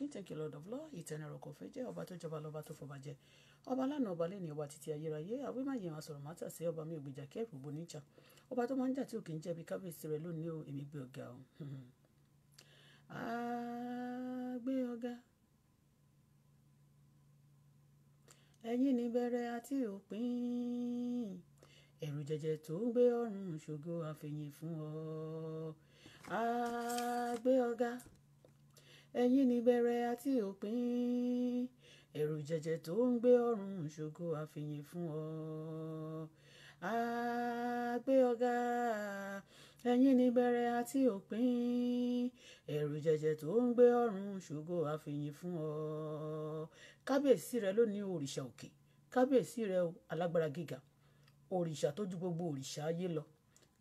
We thank you, Lord of Law, eternal rock of ages, ọba tó jọba lọ́ba tó fọba jẹ. Ọba lánàá ọba lẹ́ni ọba títí ayérayé, àwí máa yẹn àsọ̀rọ̀ mátà sí ọba mi ògbèjà kẹ́rù gbogbo níjà. Ọba tó máa ń jà tí ò kì í jẹ̀bi kábíyèsí rẹ̀ lónìí o, èmi gbé ọ̀gá o. A gbé ọ̀gá. Ẹ̀yin ni bẹ̀rẹ̀ àti òpin. Ẹ̀rù jẹ̀jẹ̀ tó ń gbé ọ̀run ṣògo àfẹ̀yìn fún ọ. A gbé ọ̀gá ẹ̀yin ni bẹ̀rẹ̀ àti òpin ẹ̀rù jẹ̀jẹ̀ tó ń gbé ọ̀run ṣògo àfihàn fún ọ àgbé ọ̀gá ẹ̀yin ni bẹ̀rẹ̀ àti òpin ẹ̀rù jẹ̀jẹ̀ tó ń gbé ọ̀run ṣògo àfihàn fún ọ kábíyèsí rẹ lónìí òrìṣà òkè kábíyèsí rẹ o alágbára gíga òrìṣà tó ju gbogbo òrìṣà ayé lọ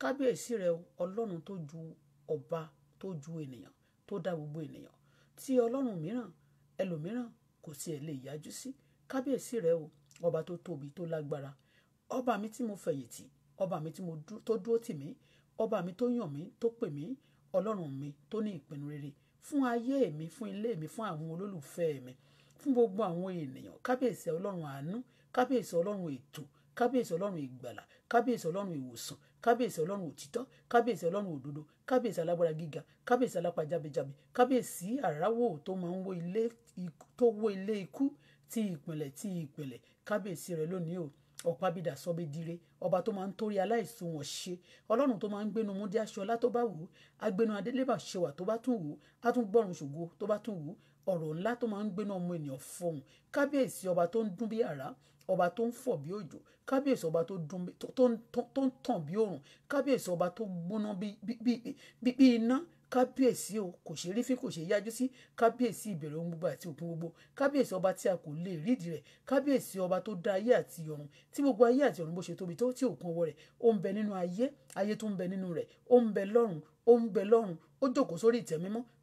kábíyèsí rẹ o ọlọ́run tó ju ọba tó ju ènìyàn tó dá gbogbo ènìyàn tí ọlọ́run mìíràn ẹlòmíràn kò tiẹ̀ lè yájú sí kábíyèsí rẹ o ọba tó tóbi tó lágbára ọba mi tí mo fẹ̀yìntì ọba mi tó dúró tì mí ọba mi tó yàn mí tó pè mí ọlọ́run mi tó ní ìpinnu rere fún ayé mi fún ilé mi fún àwọn olólùfẹ́ mi fún gbogbo àwọn ènìyàn kábíyèsí ọlọ́run àánú kábíyèsí ọlọ́run ètò kábíyèsí ọlọ́run ìgbàlà kábíyèsí ọlọ́run ìwòsàn kábíyèsí ọlọ́run òtítọ́ kábíyèsí ọlọ́run òdodo kábíyèsí alágbára gíga kábíyèsí alápá jábẹ́jábẹ́ kábíyèsí àráwò tó máa ń wó ilé tó wó ilé ikú ti ìpìlẹ̀ ti ìpìlẹ̀ kábíyèsí rẹ lónìí o ọ̀pá bídà sọ́bi dire ọba tó máa ń torí aláìsùn wọn ṣe ọlọ́run tó máa ń gbénu múdí aṣọ ọlá tó bá wù ú agbénu adélébà ṣẹwà tó bá tún wù ú á gbọ́run ṣògo tó bá tún wù ú ọ̀rọ̀ ńlá tó máa ń gbénu ọmọ ènìyàn fọhùn kábíyèsí ọba tó ń dún bí àrá ọba tó ń fọ̀ bí òjò kábíyèsí ọba tó dùn tó ń tàn bí òrùn kábíyèsí ọba tó gbóná bí iná kábíyèsí o kò ṣe rí fín kò ṣe yájú sí kábíyèsí ìbẹ̀rẹ̀ ohun gbogbo àti òpin gbogbo kábíyèsí ọba tí a kò lè rídìí rẹ̀ kábíyèsí ọba tó dá ayé àti ọ̀run tí gbogbo ayé àti ọ̀run bó ṣe tóbi tó tí òkun ọwọ́ rẹ̀ ó ń bẹ nínú ayé ayé tó ń bẹ nínú rẹ̀ ó ń bẹ lọ́run ó ń bẹ lọ́run ó jókòó sórí ìtẹ́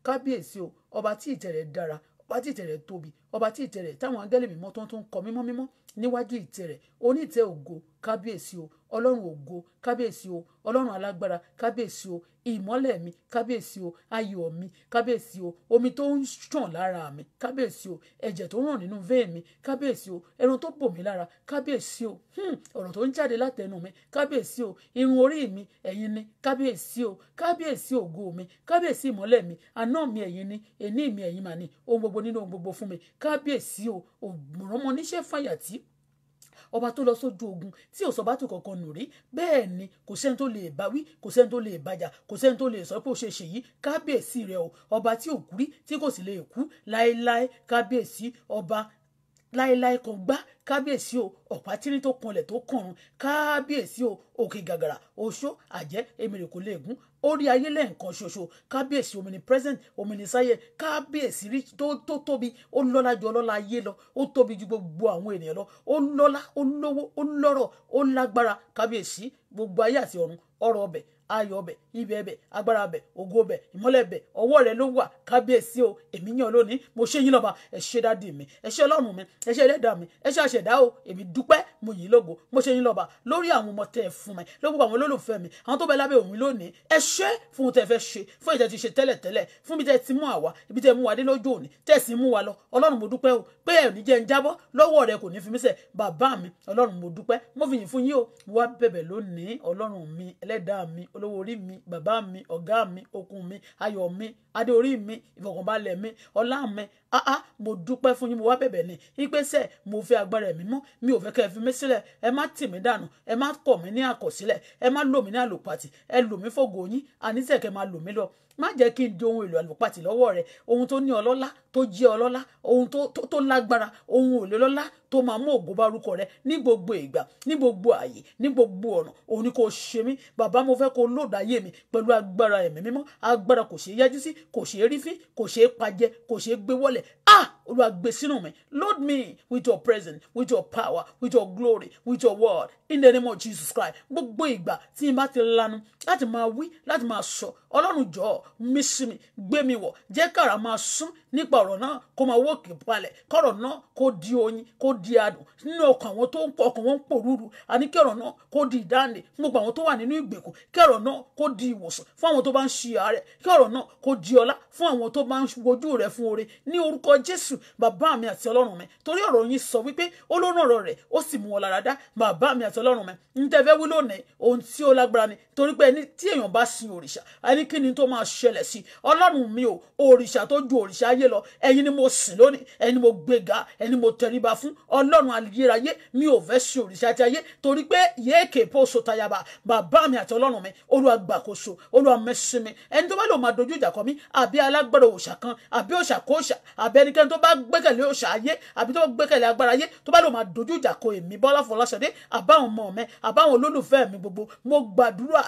kábíyèsí o ọba tí ìtẹ́ dára ọba tí ìtẹ́ tóbi ọba tí ìtẹ́ rẹ̀ táwọn angẹ́lì mímọ́ tó ń tún kọ mímọ́ mímọ́ níwájú ìtẹ́ rẹ̀ onítẹ́ ògo kábíyèsí o ọlọ́run ògo kábíyèsí o ọlọ́run alágbára kábíyèsí o ìmọ́lẹ̀ mi kábíyèsí o ayọ̀ mi kábíyèsí o omi tó ń ṣàn lára mi kábíyèsí o ẹ̀jẹ̀ tó ràn nínú vein mi kábíyèsí o ẹran tó bò mí lára kábíyèsí o ọ̀rọ̀ tó ń jáde látẹnu mi kábíyèsí o irun orí mi ẹ̀yin ni kábíyèsí o kábíyèsí ògo mi kábíyèsí ìmọ́lẹ̀ mi àná mi ẹ̀yin ni èní mi ẹ̀yin mà ohun gbogbo nínú ohun gbogbo fún mi kábíyèsí o òmùrànmọ níṣẹ́ fàyàtì ọba tó lọ sójú ogun tí ò sọba tó kankan nù rí bẹ́ẹ̀ ni kò sẹ́ni tó lè bá wí kò sẹ́ni tó lè bàjà kò sẹ́ni tó lè sọ pé ó ṣe ṣèyí kábíyèsí rẹ o ọba tí ò kú rí tí kò sì lè kú láéláé kábíyèsí ọba láéláé kan gbá kábíyèsí o ọ̀pá tírín tó kanlẹ̀ tó kànrun kábíyèsí o òkè gàgàrà oṣó àjẹ́ emèrè kò lè gún orí ayé lẹ́ẹ̀kan ṣoṣo kábíyèsí omi ni present omi ni sáyẹ kábíyèsí rí tó tóbi ó lọ́lá ju ọlọ́lá ayé lọ ó tóbi ju gbogbo àwọn ènìyàn lọ ó lọ́lá ó lówó ó lọ́rọ̀ ó lágbára kábíyèsí gbogbo ayé àti ọ̀run ọ̀rọ̀ ọbẹ̀ ayọ̀ ọbẹ̀ ibẹ̀ ẹbẹ̀ agbára ọbẹ̀ ògo ọbẹ̀ ìmọ́lẹ̀ ọbẹ̀ ọwọ́ rẹ ló wà kábíyèsí o èmi yàn lónìí mo ṣe yín lọ́ba ẹ ṣé dádì mi ẹ ṣé ọlọ́run mi ẹ ṣé ẹlẹ́dàá mi ẹ ṣé àṣẹ̀dá o èmi dúpẹ́ mo yìn lógo mo ṣe yín lọ́ba lórí àwọn ọmọ tẹ́ ẹ fún mi lóko àwọn olólùfẹ́ mi àwọn tó bẹ lábẹ́ òun lónìí ẹ ṣé fún tẹ́ fẹ́ ṣe wa dé lójú òní tẹ́ mo dúpẹ́ o o mo wá bẹ̀bẹ̀ lónìí ọlọ́run mi ẹlẹ́dàá olówó orí mi bàbá mi ọ̀gá mi okun mi ayọ̀ mi adé orí mi ìfọ̀kànbalẹ̀ mi ọlá mi ah ah mo dúpẹ́ fún yín mo wá bẹ̀bẹ̀ ni ipe mo fẹ́ agbára ẹ̀mí mú mi ò fẹ́ kẹ́ ẹ fi mí sílẹ̀ ẹ má tì mí dànù ẹ má kọ̀ mí ní àkọsílẹ̀ ẹ má lò mí ní àlòpàtì ẹ lò mí fògo yín àníṣe kẹ́ lò mí lọ má jẹ́ kí n di ohun èlò àlùpàtì lọ́wọ́ rẹ ohun tó ní ọlọ́lá tó jẹ́ ọlọ́lá ohun tó lágbára ohun èlò ọlọ́lá tó máa mú ògo bá orúkọ rẹ ní gbogbo ìgbà ní gbogbo ààyè ní gbogbo ọ̀nà òun ni kò ṣe mí bàbá mo fẹ́ kó lòdà ayé mi pẹ̀lú agbára ẹ̀mí mímọ́ agbára kò ṣeé yájú sí kò ṣeé rí fín kò ṣeé pajẹ kò ṣeé gbé wọlẹ̀ ah olúwa gbé sínú mi load me with your presence with your power with your glory with your word in the name of Jesus Christ gbogbo ìgbà tí n bá ti lanu láti máa wí láti máa sọ ọlọ́run jọ̀ọ́ mí sí mi gbé mi wọ̀ jẹ́ kára máa sún nípa ọ̀rọ̀ náà kó máa wókè balẹ̀ kọ̀rọ̀ náà kó di oyin kó di adùn nínú ọkàn àwọn tó ń pọ̀ ọkàn wọn ń pòrúurú àní kí ọ̀rọ̀ náà kó di ìdáǹdè gbogbo àwọn tó wà nínú ìgbèkùn kí ọ̀rọ̀ náà kó di ìwòsàn fún àwọn tó bá ń ṣe àárẹ̀ kí náà kó di ọlá fún àwọn tó bá ń wojú rẹ̀ fún oore ní orúkọ Jésù bàbá mi àti ọlọ́run mi torí ọ̀rọ̀ yín sọ wípé olórùn rẹ̀ ẹni tí èèyàn bá sin òrìṣà ẹnikẹ́ni tó máa ṣẹlẹ̀ sí ọlọ́run mi ò òrìṣà tó ju òrìṣà ayé lọ ẹ̀yin ni mo sìn lónìí ẹni mo gbéga ẹni mo tẹríba fún ọlọ́run ayérayé mi ò fẹ́ sin òrìṣà ti ayé torí pé yéèké póso tayaba bàbá mi àti ọlọ́run mi olúwa gbàkóso olúwa mẹ́sìn mi ẹni tó bá lò máa dojú ìjà kọ mi àbí alágbára òòṣà kan àbí òòṣà kóòṣà àbí ẹnikẹ́ni tó bá gbẹ́kẹ̀lé òòṣà ayé àbí tó bá gbẹ́kẹ̀lé agbára ayé tó bá lò mi àbáwọn olólùfẹ́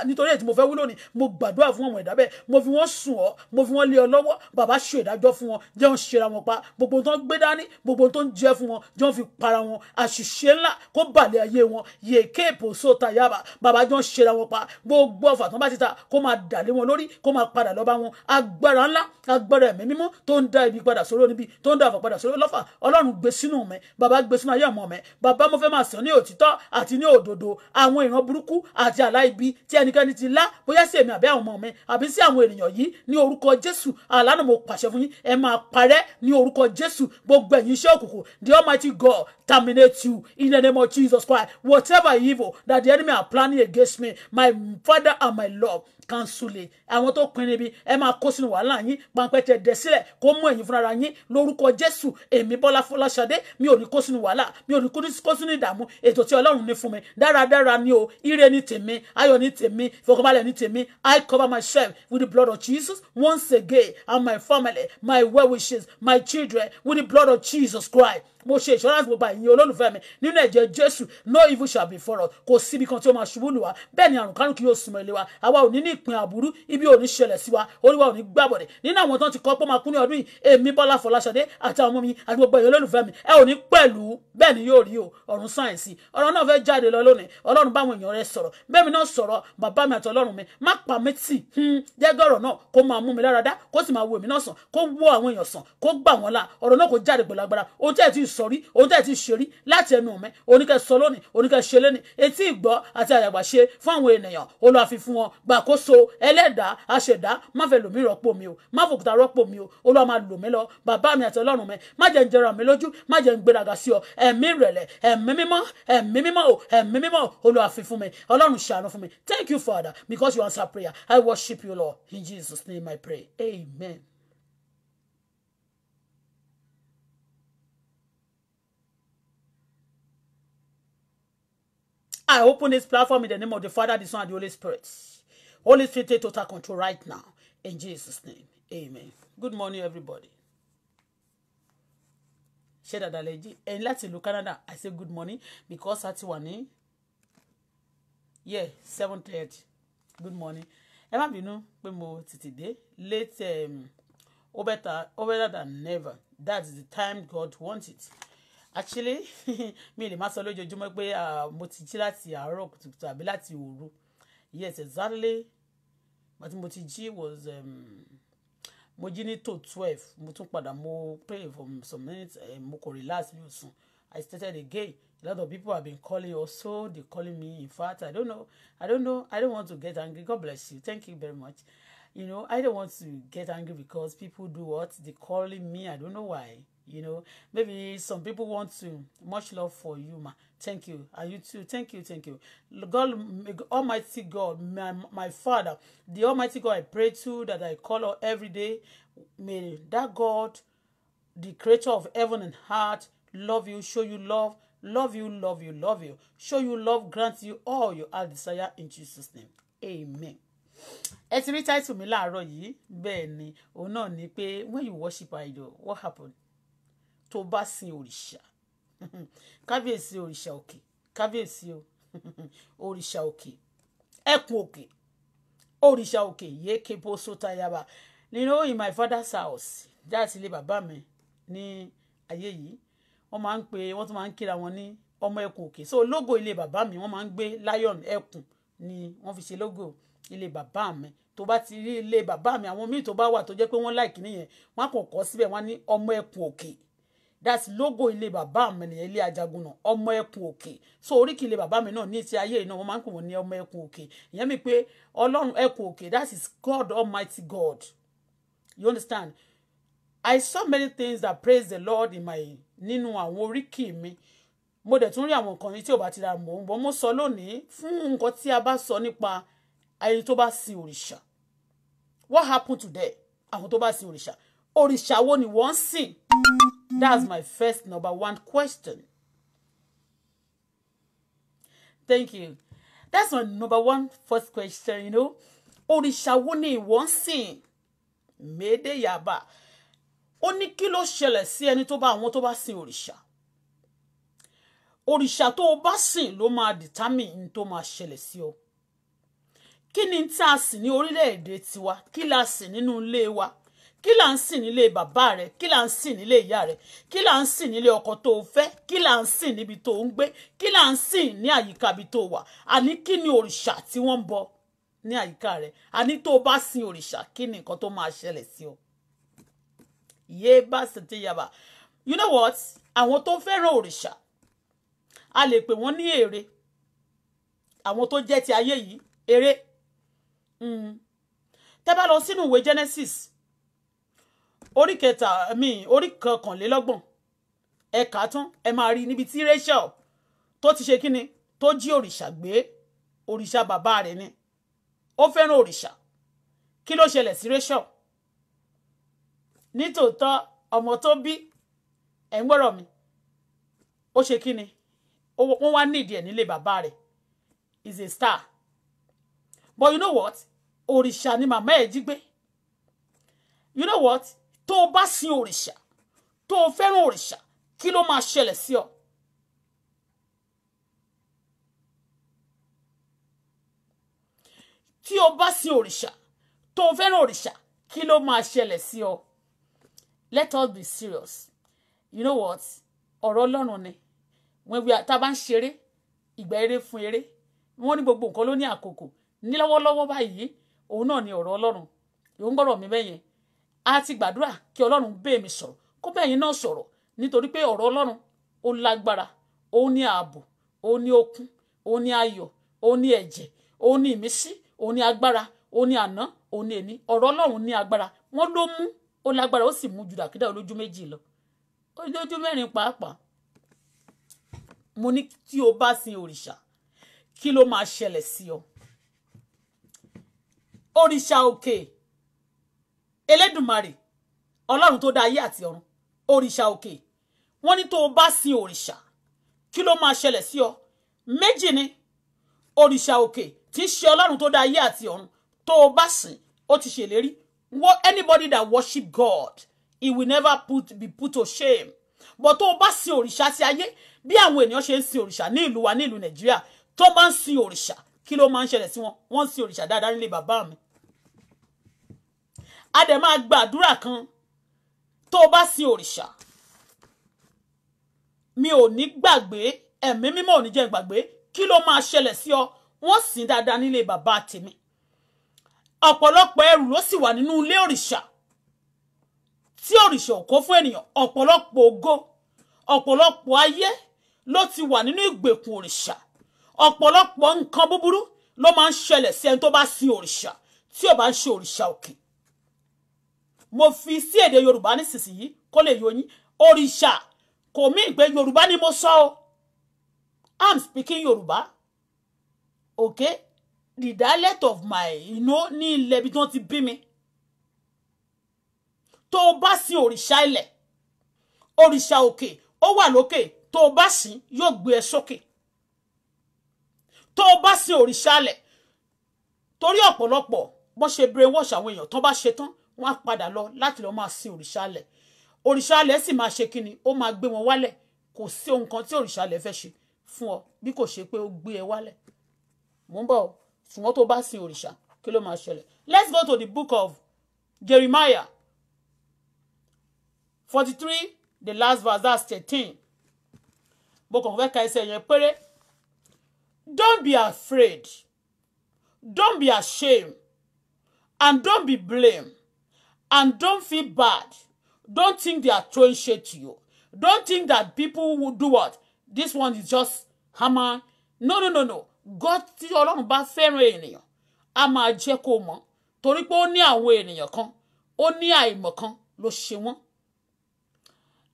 mi statement mo fẹ́ wí lónìí mo gbàdúrà fún àwọn ẹ̀dá bẹ́ẹ̀ mo fi wọ́n sùn ọ́ mo fi wọ́n lé ọ lọ́wọ́ bàbá ṣe ìdájọ́ fún wọn jẹ́ wọn ṣera wọn pa gbogbo tó ń gbé dání gbogbo tó ń jẹ́ fún wọn jẹ́ wọn fi para wọn àṣìṣe ńlá kó bàlẹ̀ ayé wọn yèké ìpòsó tayaba bàbá jọ ń ṣera wọn pa gbogbo ọ̀fà tó bá ti ta kó máa dà lé wọn lórí kó máa padà lọ bá wọn agbára ńlá agbára ẹ̀mí mímọ́ tó ń dá ibi padà sórí oníbi tó ń dá àfọ̀ padà sórí ọlọ́fà ọlọ́run gbé sínú mẹ́ bàbá gbé sínú ayé ọmọ mẹ́ bàbá mo fẹ́ máa sàn ní òtítọ́ àti ní òdodo àwọn ìran burúkú àti àlá tí ẹnikẹ́ni ti ìdí ńlá bóyá sí èmi àbí àwọn ọmọ mi àbí sí àwọn ènìyàn yìí ní orúkọ jésù àlànà mo pàṣẹ fún yín ẹ máa parẹ́ ní orúkọ jésù gbogbo ẹ̀yin iṣẹ́ òkùnkùn the almighty god terminate you in the name of jesus christ whatever evil that the enemy are planning against me my father and my lord kansule àwọn tó pinrin bi ẹ máa kó sínú wàhálà yín pampẹ́ tẹ dẹ̀ sílẹ̀ kó mú ẹ̀yin fúnra yín lórúkọ jésù èmi bọ́lá fọláṣadé mi ò ní kó sínú wàhálà mi ò ní kó sínú ìdààmú ètò tí ọlọ́run ní fún mi dáradára ni o ire ni tèmi ayọ̀ ni tèmi ìfọkànbalẹ̀ ni tèmi i cover myself with the blood of jesus once again and my family my well wishes my children with the blood of jesus christ mo ṣe insurance gbogbo àyìn olólùfẹ́ mi nínú ẹ̀jẹ̀ jésù no evil shall be for us kò síbi kan tí ó máa ṣubú lù wá bẹ́ẹ̀ ni àrùn kárùn kì yóò súnmọ́ ilé wa àwa ò ní ní ìpín àbúrú ibi ò ní ṣẹlẹ̀ sí wa olúwa ò ní gbàbọ̀dẹ̀ nínú àwọn tó ti kọ́ pé máa kú ní ọdún yìí èmi bọ́lá fọláṣadé àti àwọn ọmọ mi àti gbogbo èèyàn olólùfẹ́ mi ẹ ò ní pẹ̀lú bẹ́ẹ̀ ni yóò rí o ọ̀run sáyẹ̀nsì ọ̀rọ̀ náà fẹ́ jáde lọ lónìí ọlọ́run báwọn èèyàn rẹ sọ̀rọ̀ bẹ́ẹ̀ mi náà sọ̀rọ̀ bàbá mi àti ọlọ́run mi má pa mí tì hmm, jẹ́gọ̀rọ̀ náà kó máa mú mi lára dá kó sì máa wo èmi náà sàn kó wọ àwọn èèyàn sàn kó sọ rí ohun tẹ́ ẹ ti ṣe rí láti ẹnu mi oníkẹ́ sọ lónìí oníkẹ́ ṣe lónìí etí ìgbọ́ àti àyàgbà ṣe fún àwọn ènìyàn Olúwa fi fún wọn gbàkóso ẹlẹ́dàá aṣẹ̀dá má fẹ́ lòmí rọ́pò mi o má fòkúta rọ́pò mi o Olúwa máa lò mí lọ bàbá mi àti ọlọ́run mi má jẹ́ ń jẹrà mi lójú má jẹ́ ń gbéraga sí ọ ẹ̀mí rẹ̀lẹ̀ ẹ̀mí mímọ́ ẹ̀mí mímọ́ o ẹ̀mí mímọ́ Olúwa fi fún mi ọlọ́run ṣàánú thank you father because you answer prayer i worship you lord in jesus name i pray amen. I open this platform in the name of the Father, the Son, and the Holy Spirit. Holy Spirit, take total control right now. In Jesus' name, amen. Good morning, everybody. ṣé dàda lè And let's láti Canada I say good morning because a one yeah seven thirty good morning ẹ má bínú pé mo tètè dé late um, over better than never That's the time God wants it actually mi lè má sọ lójoojúmọ́ pé mo ti jí láti àárọ̀ kùtùkùtù àbí láti òru yes exactly but mo ti jí was um, mo jí ní tó twelve mo tún padà mo pray for some minutes eh, mo kò relax mi ò sùn I started again a lot of people have been calling also they calling me in fact I don't know I don't know I don't want to get angry God bless you thank you very much you know I don't want to get angry because people do what they calling me I don't know why you know maybe some people want to much love for you ma thank you Are you too thank you thank you god almighty god my, my father the almighty god i pray to that i call on every day may that god the creator of heaven and heart love you show you love love you love you love you show you love grant you all your heart desire in jesus name amen ẹ ti rí táìtù mi láàárọ̀ yìí bẹ́ẹ̀ ni òun náà ni pé when you worship idol what happen tó bá sin òrìṣà kábíyèsí òrìṣà òkè kábíyèsí òrìṣà òkè ẹkùn òkè òrìṣà òkè yéèké bó sóta yaba nínú in my father's house jáàtì ilé bàbá mi ní ayé yìí wọ́n máa ń pe wọ́n tún máa ń kíra wọn ní ọmọ ẹkùn òkè so logo ilé bàbá mi wọ́n máa ń gbé lion ẹkùn ni wọ́n fi ṣe logo ilé bàbá mi tó bá ti rí ilé bàbá mi àwọn míì tó bá wà tó jẹ́ pé wọ́n láìkí nìyẹn wọ́n á kàn kọ́ síbẹ̀ wọ́n á ní ọmọ ẹkùn òkè that's logo ilé bàbá mi nìyẹn ilé ajagun náà ọmọ ẹkùn òkè so oríkì ilé bàbá mi náà ní ti ayé náà wọ́n máa ń pè wọ́n ní ọmọ ẹkùn òkè ìyẹn mi pé ọlọ́run ẹkùn òkè that is God Almighty God you understand I saw many things that praise the Lord in my nínú àwọn oríkì mi mo dẹ̀ tún rí àwọn nǹkan yìí tí ò bá ti ra mò ń mo sọ lónìí fún nǹkan tí a bá sọ nípa ẹni tó bá sin òrìṣà what happened today àwọn tó bá sin òrìṣà òrìṣà wo ni wọ́n sìn mm That's mm-hmm. my first number one question. Thank you. That's my number one first question, you know. Òrìṣà wo ni ìwọ ń sìn? Mèdè Yaba. Ó ní kí ló ṣẹlẹ̀ sí ẹni tó bá àwọn tó bá sìn òrìṣà? Òrìṣà tó o bá sìn ló máa determine ní tó máa ṣẹlẹ̀ sí ọ. ni tá de sìn ní orílẹ̀-èdè tiwa? Kí la sìn nínú ilé wa? kí là ń sìn nílé bàbá rẹ kí là ń sìn nílé ìyá rẹ kí là ń sìn nílé ọkọ tó o fẹ́ kí là ń sìn níbi tó ń gbé kí là ń sìn ní àyíká ibi tó wà àní kí ni òrìṣà tí wọ́n ń bọ ní àyíká rẹ àní tó o bá sin òrìṣà kí ni nǹkan tó máa ṣẹlẹ̀ sí ọ. yé bá ṣètì yaba you know what àwọn tó fẹ́ràn òrìṣà a lè pè wọ́n ní èrè àwọn tó jẹ́ ti ayé yìí èrè hmm. tẹ́ bá lọ sínú ìwé Genesis orí kẹta mi orí kọkànlélọ́gbọ̀n ẹ kà á tán ẹ máa rí níbi tí Rachel tó ti ṣe kíni tó jí òrìṣà gbé òrìṣà bàbá rẹ̀ ni ó fẹ́ràn òrìṣà kí ló ṣẹlẹ̀ sí Rachel nítòótọ́ ọmọ tó bí ẹ̀ ń gbọ́rọ̀ mi ó ṣe kíni wọ́n wá nídìí ẹ̀ nílé bàbá rẹ̀ is a star but you know what òrìṣà ni màmá ẹ̀ jí gbé you know what tó o bá sin òrìṣà tó o fẹ́ràn òrìṣà kí ló máa ṣẹlẹ̀ sí ọ. tí o bá sin òrìṣà tó fẹ́ràn òrìṣà kí ló máa ṣẹlẹ̀ sí ọ. let us be serious you know what ọ̀rọ̀ ọlọ́run ni when we are tá a bá ń ṣeré ìgbà eré fún eré wọ́n ní gbogbo nǹkan ló ní àkókò ní lọ́wọ́lọ́wọ́ báyìí òun náà ni ọ̀rọ̀ ọlọ́run ìwọ ń mi bẹ́yẹn a ti gbàdúrà kí ọlọ́run bẹ́ẹ̀ mi sọ̀rọ̀ kó bẹ́ẹ̀ yín náà sọ̀rọ̀ nítorí pé ọ̀rọ̀ ọlọ́run ó lágbára ó ní ààbò ó ní okun ó ní ayọ̀ ó ní ẹ̀jẹ̀ ó ní ìmísí ó ní agbára ó ní àná ó ní èní ọ̀rọ̀ ọlọ́run ní agbára wọ́n ló mú ó lágbára ó sì mú ju dàkídà olójú méjì lọ olójú mẹ́rin pàápàá mo ní tí o bá sin òrìṣà kí ló máa ṣẹlẹ̀ sí ọ òrìṣà òkè okay elédùnmarè ọlọ́run tó dá ayé àti ọ̀run òrìṣà òkè wọ́n ní tó o bá sin òrìṣà kí ló máa ṣẹlẹ̀ sí ọ méjì ni òrìṣà òkè tí ń ṣe ọlọ́run tó dá ayé àti ọ̀run tó o bá sìn ó ti ṣèlérí anybody that worship God he will never put, be put to shame but tó o bá sin òrìṣà ti ayé bí àwọn ènìyàn ṣe ń sin òrìṣà ní ìlú wa ní ìlú Nàìjíríà tó bá ń sin òrìṣà kí ló máa ń ṣẹlẹ̀ sí wọn wọ́n ń sin òrìṣà dáadáa nílé bàbá mi a dẹ̀ máa gbàdúrà kan tó bá sin òrìṣà mi ò ní gbàgbé ẹ̀mí mímọ́ ò ní jẹ́ gbàgbé kí ló máa ṣẹlẹ̀ sí ọ wọ́n sìn dáadáa nílé bàbá tèmi ọ̀pọ̀lọpọ̀ ẹrù ló sì wà nínú ilé òrìṣà tí òrìṣà ò kó fún ènìyàn ọ̀pọ̀lọpọ̀ ògo ọ̀pọ̀lọpọ̀ ayé ló ti wà nínú ìgbèkùn òrìṣà ọ̀pọ̀lọpọ̀ nǹkan búburú ló máa ń ṣẹlẹ̀ sí ẹni tó bá sin òrìṣà tí ò bá ń ṣe òrìṣà òkè mo fi sí èdè yorùbá nísinsìnyí kó lè yọyín òrìṣà kò mí pé yorùbá ni mo sọ o i'm speaking yorùbá okay the dialect of my you know ní ilẹ̀ ibi tí wọ́n ti bí mi tó o bá sin òrìṣà ilẹ̀ òrìṣà òkè ó wà lókè tó o bá sin yóò gbé ẹ sókè tó o bá sin òrìṣà ilẹ̀ torí ọ̀pọ̀lọpọ̀ bọ́n ṣe brainwash àwọn èèyàn tán bá ṣe tán wọ́n padà lọ láti lọ́ọ́ máa sin òrìṣà alẹ̀ òrìṣà alẹ̀ sì máa ṣe kíni ó máa gbé wọn wálẹ̀ kò sí ohun kan tí òrìṣà alẹ̀ fẹ́ ṣe fún ọ bí kò ṣe pé ó gbé ẹ wálẹ̀ mò ń bọ̀ ṣùgbọ́n tó bá sin òrìṣà kí ló máa ṣẹlẹ̀ let's go to the book of Jeremiah forty three the last verse that's thirteen mo kàn fẹ́ ka ẹsẹ̀ yẹn péré don't be afraid don't be ashamed and don't be blamed And don't feel bad. Don't think they are throwing shade to you. Don't think that people will do what? This one is just hammer. No, no, no, no. God tí Ọlọ́run bá fẹ́ràn ènìyàn, a máa jẹ́ kó mọ̀. Torí pé ó ní àwọn ènìyàn kan, ó Ni àìmọ̀ kan ló ṣe wọ́n.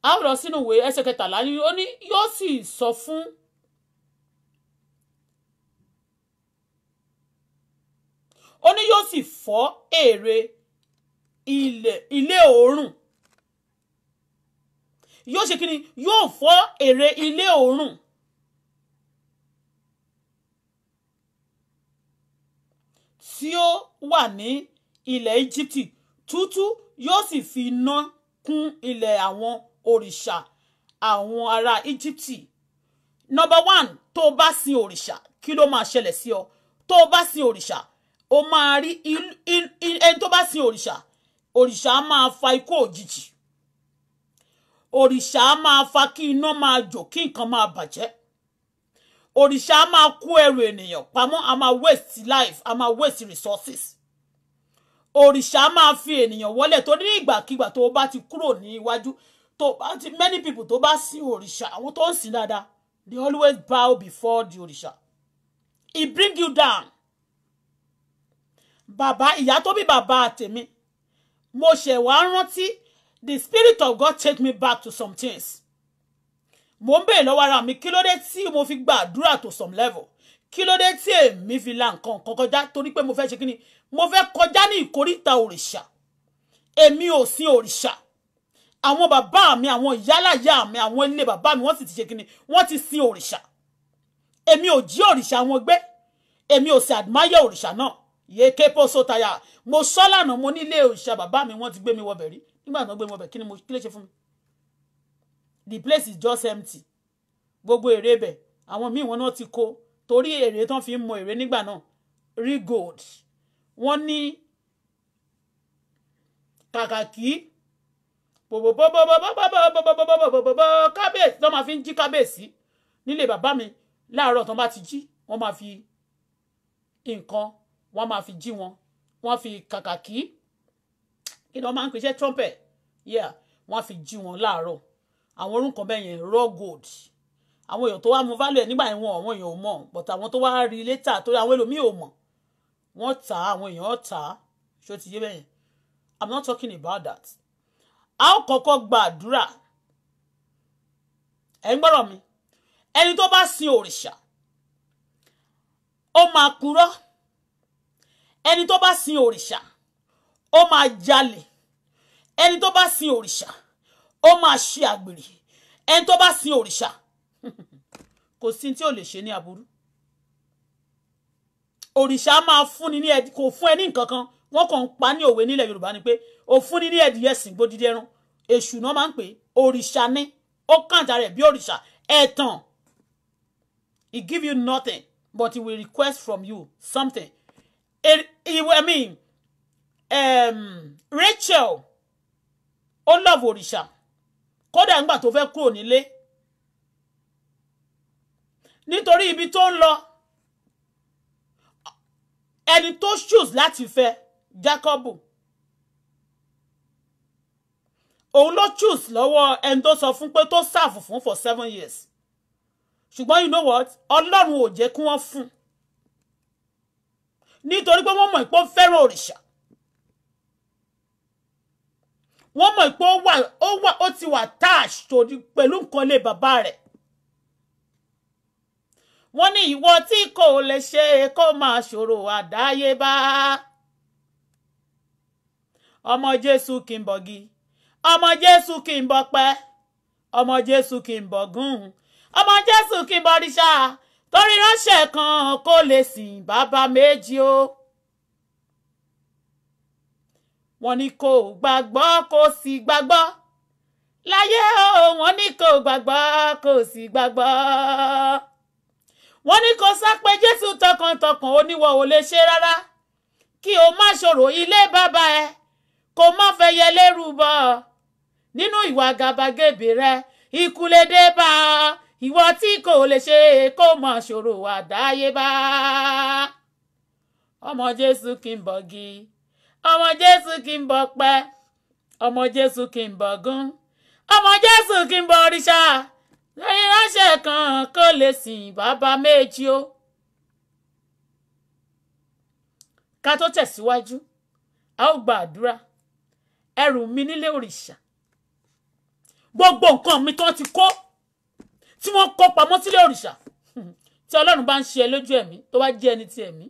A ó lọ sínú ìwé ẹsẹ̀ kẹtàlá ni ó ní yóò sì sọ fún. Ó ní yóò ilé òórùn yóò ṣe kíni yóò fọ́ èrè ilé òórùn tí ó wà ní ilẹ̀ Egypt tútù yóò sì fi iná kún ilẹ̀ àwọn òrìṣà àwọn ará Egypt number one tó o bá sin òrìṣà kí ló máa ṣẹlẹ̀ sí ọ tó o bá sin òrìṣà o máa rí ẹni tó bá sin òrìṣà òrìṣà á máa fa ikú òjijì òrìṣà á máa fa kí iná máa jó kí nǹkan máa bàjẹ́ òrìṣà máa kó ẹrù ènìyàn pamọ́ á máa waste life á máa waste resources òrìṣà á máa fi ènìyàn wọlé torí ní ìgbàkigbà tó bá ti kúrò ní tó bá ti many people tó bá sin òrìṣà àwọn tó ń sin dáadáa they always bow before the òrìṣà he bring you down bàbá ìyá tó bí bàbá tèmi mo ṣẹ̀ wá rántí the spirit of God take me back to some things mo ń bèèrè lọ́wọ́ ara mi kí ló dé tí mo fi gbàdúrà to some level kí ló dé tí èmi fi la nǹkan kan kọjá torí pé mo fẹ́ ṣe kíni mo fẹ́ kọjá ní ìkóríta òrìṣà èmi ò sin òrìṣà àwọn bàbá mi àwọn ìyálàyà mi àwọn ilé bàbá mi wọ́n sì ti ṣe kíni wọ́n ti sin òrìṣà èmi ò jí òrìṣà wọn gbé èmi ò sì admire òrìṣà náà yeke poso taya mo sọ lánàá mo nílé òòṣà bàbá mi wọ́n ti gbé mi wọbẹ̀ rí nígbà tó gbé mi wọbẹ̀ kí ni mo kí lè ṣe fún mi the place is just empty gbogbo èrè bẹ̀ àwọn míì wọn náà ti kó torí èrè tán fi ń mọ èrè nígbà náà rí gold wọ́n ní kàkàkí bòbòbòbòbòbòbòbòbòbòbòbòbò kábèsì tó máa fi ń jí kábèsì nílé bàbá mi láàárọ̀ tó ba ti jí wọ́n máa fi nǹkan wọ́n máa fi jí wọn wọ́n fi kàkàkí kí ni wọ́n máa ń pèsè trumpet yeah wọ́n fi jí wọn láàárọ̀ àwọn orúkọ bẹ́ẹ̀ yẹn raw gold àwọn èèyàn tó wá mú value ẹ̀ nígbà yẹn wọn àwọn èèyàn ò mọ̀ but àwọn tó wá rí later torí àwọn ẹlòmíì ò mọ̀ wọ́n tà á àwọn èèyàn tà á ṣó ti yé bẹ́ẹ̀ yẹn i'm not talking about that a ó kọ́kọ́ gba àdúrà ẹ̀ ń gbọ́rọ̀ mi ẹni tó bá sin òrìṣà ó máa purọ́ ẹni tó bá sin òrìṣà ó máa jalè ẹni tó bá sin òrìṣà ó máa ṣe àgbèrè ẹni tó bá sin òrìṣà kò sí tí ò lè ṣe ní aburú òrìṣà máa fúnni ní ẹdí kò fún ẹ nǹkan kan wọn kàn ń pa ní òwe nílẹ̀ Yorùbá ni pé òfúnni ní ẹdìyẹ sìn gbódìdí ẹran èṣù náà máa ń pè òrìṣà ní ó kàǹtà rẹ̀ bí òrìṣà ẹ̀tàn he give you nothing but he will request from you something it, it, I mean um, Rachel ó love òrìṣà Koda ńgbà tó fẹ́ ni le. Nitori ibi tó ń lọ ẹni choose lati fe Jacobu. òun ló choose lo ẹni tó sọ fún to tó serve fún for seven years ṣùgbọ́n you know what ọlọ́run ò jẹ́ kí wọ́n fún nítorí pé wọ́n mọ̀ pé ó fẹ́ràn òrìṣà wọ́n mọ̀ pé ó wà ó wà ó ti wà táàṣì tòdì pẹ̀lú nǹkan lé bàbá rẹ̀ wọ́n ní ìwọ tí kò lè ṣe kó máa ṣòro àdáyébá ọmọ Jésù kì ń bọ̀gì ọmọ Jésù kì ń bọ̀pẹ́ ọmọ Jésù kì ń bọ̀gùn ọmọ Jésù kì ń bọ̀rìṣà torí ránṣẹ́ kan kó lè sìn bàbá méjì o. wọ́n ní kò gbàgbọ́ kò sì gbàgbọ́ láyé o wọ́n ní kò gbàgbọ́ kò sì gbàgbọ́. wọ́n ní kò sápẹ́ jésù tọkàntọkàn oníwọ̀ ò lè ṣe rárá kí o má ṣòro ilé bàbá ẹ kó má fẹ́ yẹ lérú bọ́ nínú ìwà gàbàgebè rẹ ikú lè dé bá ọ ìwọ tí kò lè ṣe kó mọ ṣòro àdáyébá ọmọ jésù kì í bọ̀gì ọmọ jésù kì í bọ̀pẹ́ ọmọ jésù kì í bọ̀gún ọmọ jésù kì í bọ̀rìṣà lórí ránṣẹ́ kan kó lè sìn bàbá méjì o. ká tó tẹ̀síwájú a ó gba àdúrà ẹrù mi nílé òrìṣà gbogbo nǹkan mi tán ti kó tí wọ́n kọ́ pamọ́ sílé òrìṣà tí ọlọ́run bá ń ṣe ẹ lójú ẹ̀mí tó bá jẹ́ ẹni ti ẹ̀mí.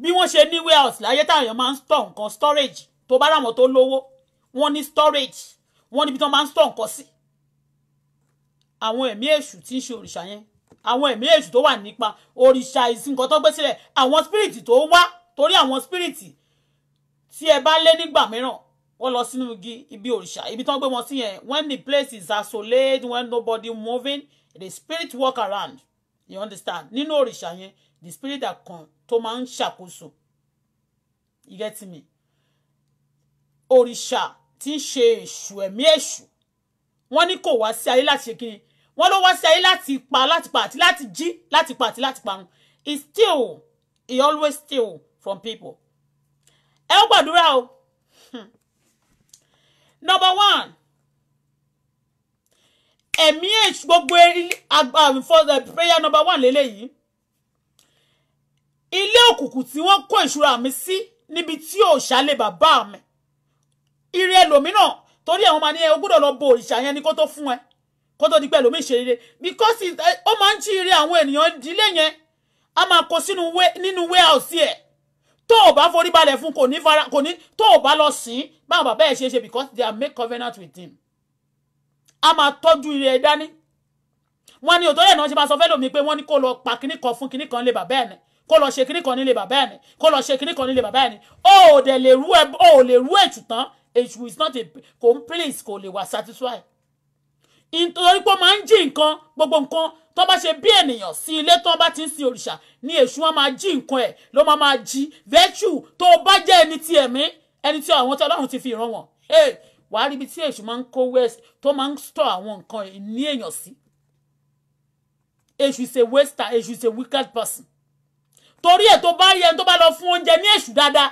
bí wọ́n ṣe ní warehouse láyé táwọn èèyàn máa ń store nǹkan storage tó bá ráwọn tó lówó wọ́n ní storage wọ́n níbi tí wọ́n máa ń store nǹkan sí. àwọn ẹ̀mí èṣù tí ń ṣe òrìṣà yẹn àwọn ẹ̀mí èṣù tó wà nípa òrìṣà ìsìn nǹkan tó gbé sílẹ̀ àwọn spirit tó wá torí àwọn spirit tí ẹ bá lé nígbà mìíràn wọ́n lọ sínú igi ibi òrìṣà ibi tí wọ́n gbé wọn sí yẹn when the place is isolated when nobody moving the spirit walk around you understand nínú òrìṣà yẹn the spirit that kan to máa ń you get me òrìṣà tí ń ṣe èṣù ẹ̀mí èṣù wọ́n ní wa wá sí ayé láti ṣe kíni wọ́n ló wá sí ayé pa láti pa àti láti jí láti pa àti láti parun he still he always steal from people ẹ ó gbàdúrà o hmm. number one ẹ̀mí èṣù gbogbo àgbàfọ́dà um, prayer number one lélẹ́yìí ilé òkùnkùn tí wọ́n kó ìṣúra mi sí níbi tí òòṣà lè bàbá mi ire ẹlòmíràn torí àwọn máa ní ẹ o gbọ́dọ̀ lọ bo òòṣà yẹn ni kó tó fún ẹ kó tó di pé ẹlòmíì ṣe rere because eh, ó máa ń jí ire àwọn ènìyàn ìdílé yẹn a máa kó sínú nínú warehouse yẹn tó o bá forí balẹ̀ fún kò ní fara kò ní tó o bá lọ sìn báwọn bàbá ẹ̀ ṣe ṣe because they are make covenant with him a máa tọ́jú ire ẹ̀ dání wọ́n ní òtọ́lẹ̀ náà ṣe máa sọ fẹ́ lómi pé wọ́n ní kó lọ pa kinní kan fún kinní kan lé bàbá ẹ̀ ní kó lọ ṣe kinní kan nílé bàbá ẹ̀ ní kó lọ ṣe kinní kan nílé bàbá ẹ̀ ní o ò dẹ̀ lè rú ètù tán èṣù is not a complete ń please kò lè wà satisfied nítorí pé ó máa ń jí nǹkan gbogbo nǹkan tó bá ṣe bí ènìyàn sí ilé tó bá ti ń sin òrìṣà ní èṣù wọn máa jí nǹkan ẹ̀ e, ló máa máa jí virtue tó bá jẹ́ ẹni ti ẹ̀mí ẹni tí àwọn tí ọlọ́run ti fi ìran wọn wàá rí ibi tí èṣù máa ń kó west tó máa ń store àwọn nǹkan e ní èèyàn sí èṣù is a waster èṣù is a wicked person torí ẹ̀ e tó bá rí ẹni tó bá lọ fún oúnjẹ ní èṣù dáadáa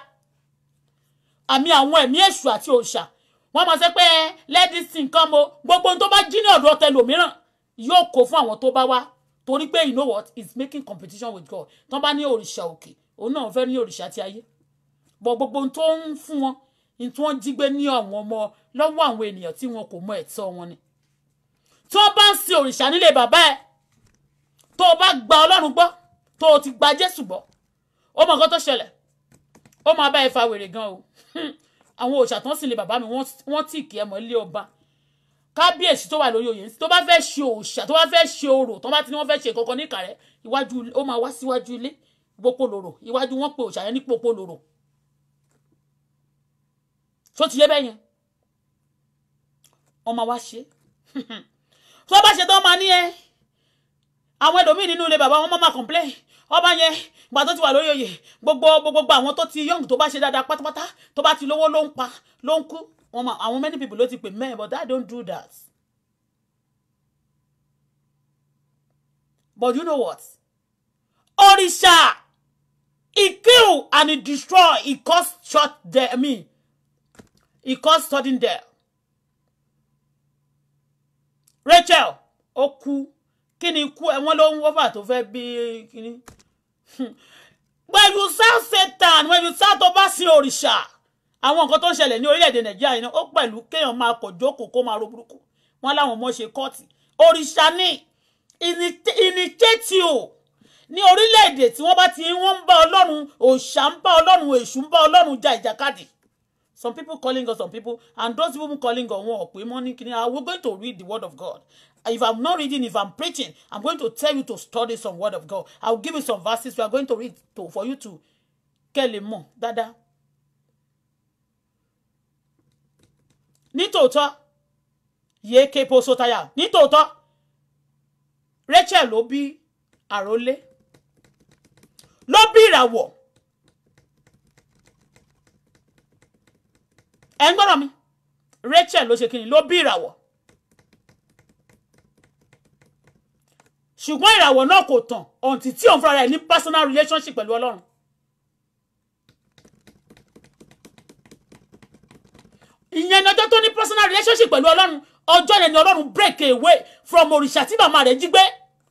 àmì àwọn ẹ̀mí èṣù àti òòṣà wọ́n máa sọ pé lẹ́dísì nǹkan mo gbogbo tó bá jí ní ọ̀dọ̀ tẹlòmíràn yóò kó fún àwọn tó bá wá torí pé you know what is making competition with God tó bá ní òrìṣà òkè òun náà fẹ́ ní òrìṣà ti ayé bọ̀ gbogbo tó ń fún wọn ní tí wọ́n jí gbé ní àwọn ọmọ lọ́wọ́ àwọn ènìyàn tí wọn kò mọ ẹ̀tọ́ wọn ni tó bá ń sin òrìṣà nílé bàbá ẹ̀ tó o bá gba ọlọ́run gbọ́ tó o ti gba jésù gbọ́ ó mọ nǹkan tó ṣẹlẹ̀ ó máa bá ẹ fa wèrè gan o àwọn òṣàtán sì lè bàbá mi wọ́n tì kí ẹ mọ̀ ilé ọba kábíyèsí tó wà lórí oyè tó bá fẹ́ ṣe òòṣà tó bá fẹ́ ṣe orò tó bá ti ní wọ́n fẹ́ ṣe kankan ní ìkàrẹ́ iwájú ó máa wá síwájú ilé gbogbo lòrò iwájú wọn pe òòṣà yẹn ní gbogbo lòrò tó ti yé bẹ́ẹ̀ yẹn wọ́n máa wá ṣe tó bá ṣe tó máa ní ẹ àwọn ẹlòmíì nínú ilé bàbá wọn máa complain ọba yẹn gbà tó ti wà lórí oyè gbogbo gbogbo àwọn tó ti yọ̀ǹ tó bá ṣe dáadáa pátápátá tó bá ti lówó ló ń pa ló ń kú wọn ma àwọn many people ló ti pè mẹ́ẹ̀ but that don't do that. but you know what òrìṣà he kill and he destroy he cause short death i mean he cause sudden death Rachel ó kú kí ni ikú ẹ wọn ló ń wọ́fà tó fẹ́ bí kíní. when you serve Satan when you serve tó bá sin òrìṣà àwọn nǹkan to ń ṣẹlẹ̀ ní Nigeria, èdè nàìjíríà yìí náà ó pẹ̀lú kéèyàn máa pọ̀ jókòó kó máa ro burúkú wọn láwọn ọmọ initiate you Ni orílẹ̀-èdè tí wọ́n bá ti wọ́n ń bá ọlọ́run òòṣà ń bá ọlọ́run èṣù ń bá ọlọ́run jà some people calling God some people and those people calling God wọn ọ̀pẹ mọ́ ní kíni are going to read the word of God If I'm not reading, if I'm preaching, I'm going to tell you to study some word of God. I'll give you some verses we are going to read to, for you to kẹ́lẹ̀ mọ̀ dáadáa. Nítòótọ́, yéèké poso táyà. Nítòótọ́, Rachel ló bí àrólé. Ló bí ìràwọ̀. Ẹ ń Rachel ló ṣe kí ni ṣùgbọ́n ìràwọ̀ náà kò tàn ọ̀ǹtì tí òun fúnra rẹ̀ ní personal relationship pẹ̀lú ọlọ́run ìyẹn ní ọjọ́ tó ní personal relationship pẹ̀lú ọlọ́run ọjọ́ yẹn ni ọlọ́run break away from òrìṣà tí màmá rẹ̀ jí gbé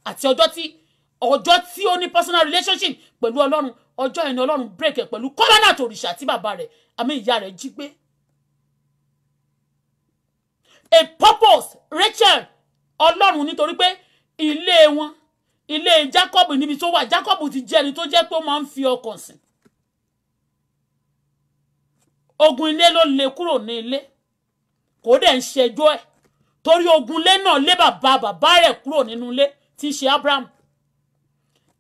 àti ọjọ́ tí ọjọ́ tí ó ní personal relationship pẹ̀lú ọlọ́run ọjọ́ yẹn ni ọlọ́run break ẹ̀ pẹ̀lú covenant òrìṣà tí bàbá rẹ̀ àmì ìyá rẹ̀ jí gbé. a purpose Rachel ọlọ́run nítorí pé ilé wọn ilé Jacob níbi tó wà Jacob ti jẹ́ ẹni tó jẹ́ pé ó máa ń fi ọkàn sìn ogun ilé ló lè kúrò ní ilé kò dẹ̀ ń ṣẹjọ́ ẹ̀ torí ogun ilé náà lé bàbá bàbá rẹ̀ kúrò nínú ilé tí í ṣe Abraham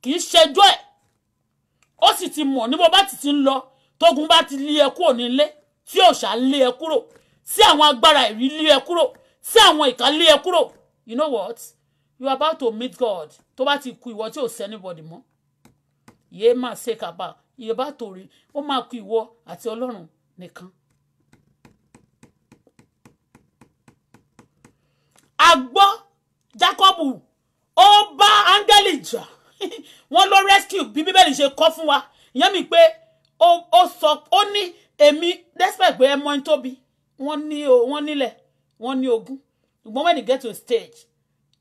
kì í ṣẹjọ́ ẹ̀ ó sì ti mọ̀ ní bó bá ti ti ń lọ tógun bá ti lé ẹ kúrò nílé tí òòṣà lé ẹ kúrò tí àwọn agbára ìrí lé ẹ kúrò tí àwọn ìka lé ẹ kúrò you know what you are about to meet God tó bá ti kú ìwọ tí ò sẹ́ anybody mọ́ yéé má ṣe kaba you're about to rí ó máa kú ìwọ àti Ọlọ́run nìkan. a gbọ́ Jacob ó bá áńgẹ́lì jà wọ́n ló rescue bí bíbélì ṣe kọ́ fún wa ìyẹn mi pé ó sọ ó ní èmi despite pé ẹ mọ́ ń tóbi wọ́n ní nílẹ̀ wọ́n ní ogún ṣùgbọ́n when you get to stage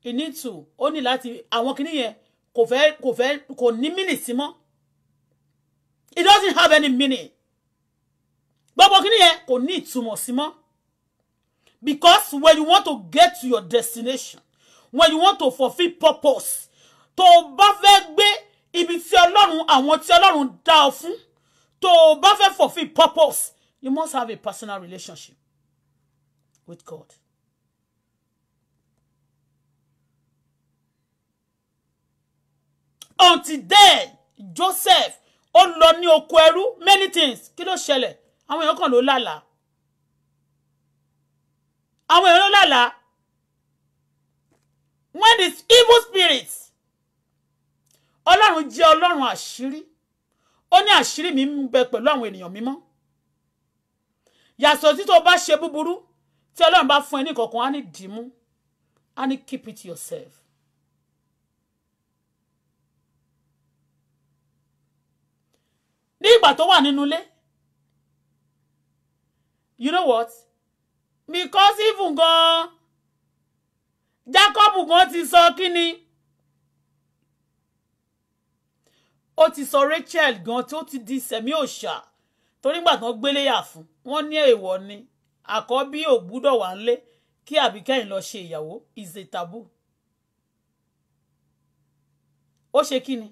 you need to ó ní láti àwọn kinní yẹn kò fẹ́ kò fẹ́ kò ní mínì sí mọ́ it doesn't have any meaning gbogbo kinní yẹn kò ní ìtumọ̀ sí mọ́ because when you want to get to your destination when you want to fulfill purpose to o bá fẹ́ gbé ibi tí ọlọ́run àwọn tí ọlọ́run dá ọ fún tó o bá fẹ́ purpose you must have a personal relationship with God. until then Joseph ó lọ ní oko ẹrú many things kí ló ṣẹlẹ̀ àwọn èèyàn kan ló lálàá àwọn èèyàn ló lálàá when the evil spirit ọlọ́run jẹ́ ọlọ́run àṣírí ó ní àṣírí mi ń bẹ pẹ̀lú àwọn ènìyàn mímọ́ yàtọ̀ tí tó bá ṣe búburú tí ọlọ́run bá fún ẹ ní ìkọ̀kan á ní dìímú á ní keep it yourself ní ìgbà tó wà nínú ilé you know what because even gan Jacob gan ti sọ kíni ó ti sọ Rachel gan tó ti di sẹ̀mí òòṣà torí ìgbà tó gbéléyà fún wọn ní èèwọ̀ ni àkọ́bí ò gbúdọ̀ wà nílé kí àbíkẹ́yìn lọ ṣe ìyàwó is a taboo ó ṣe kíni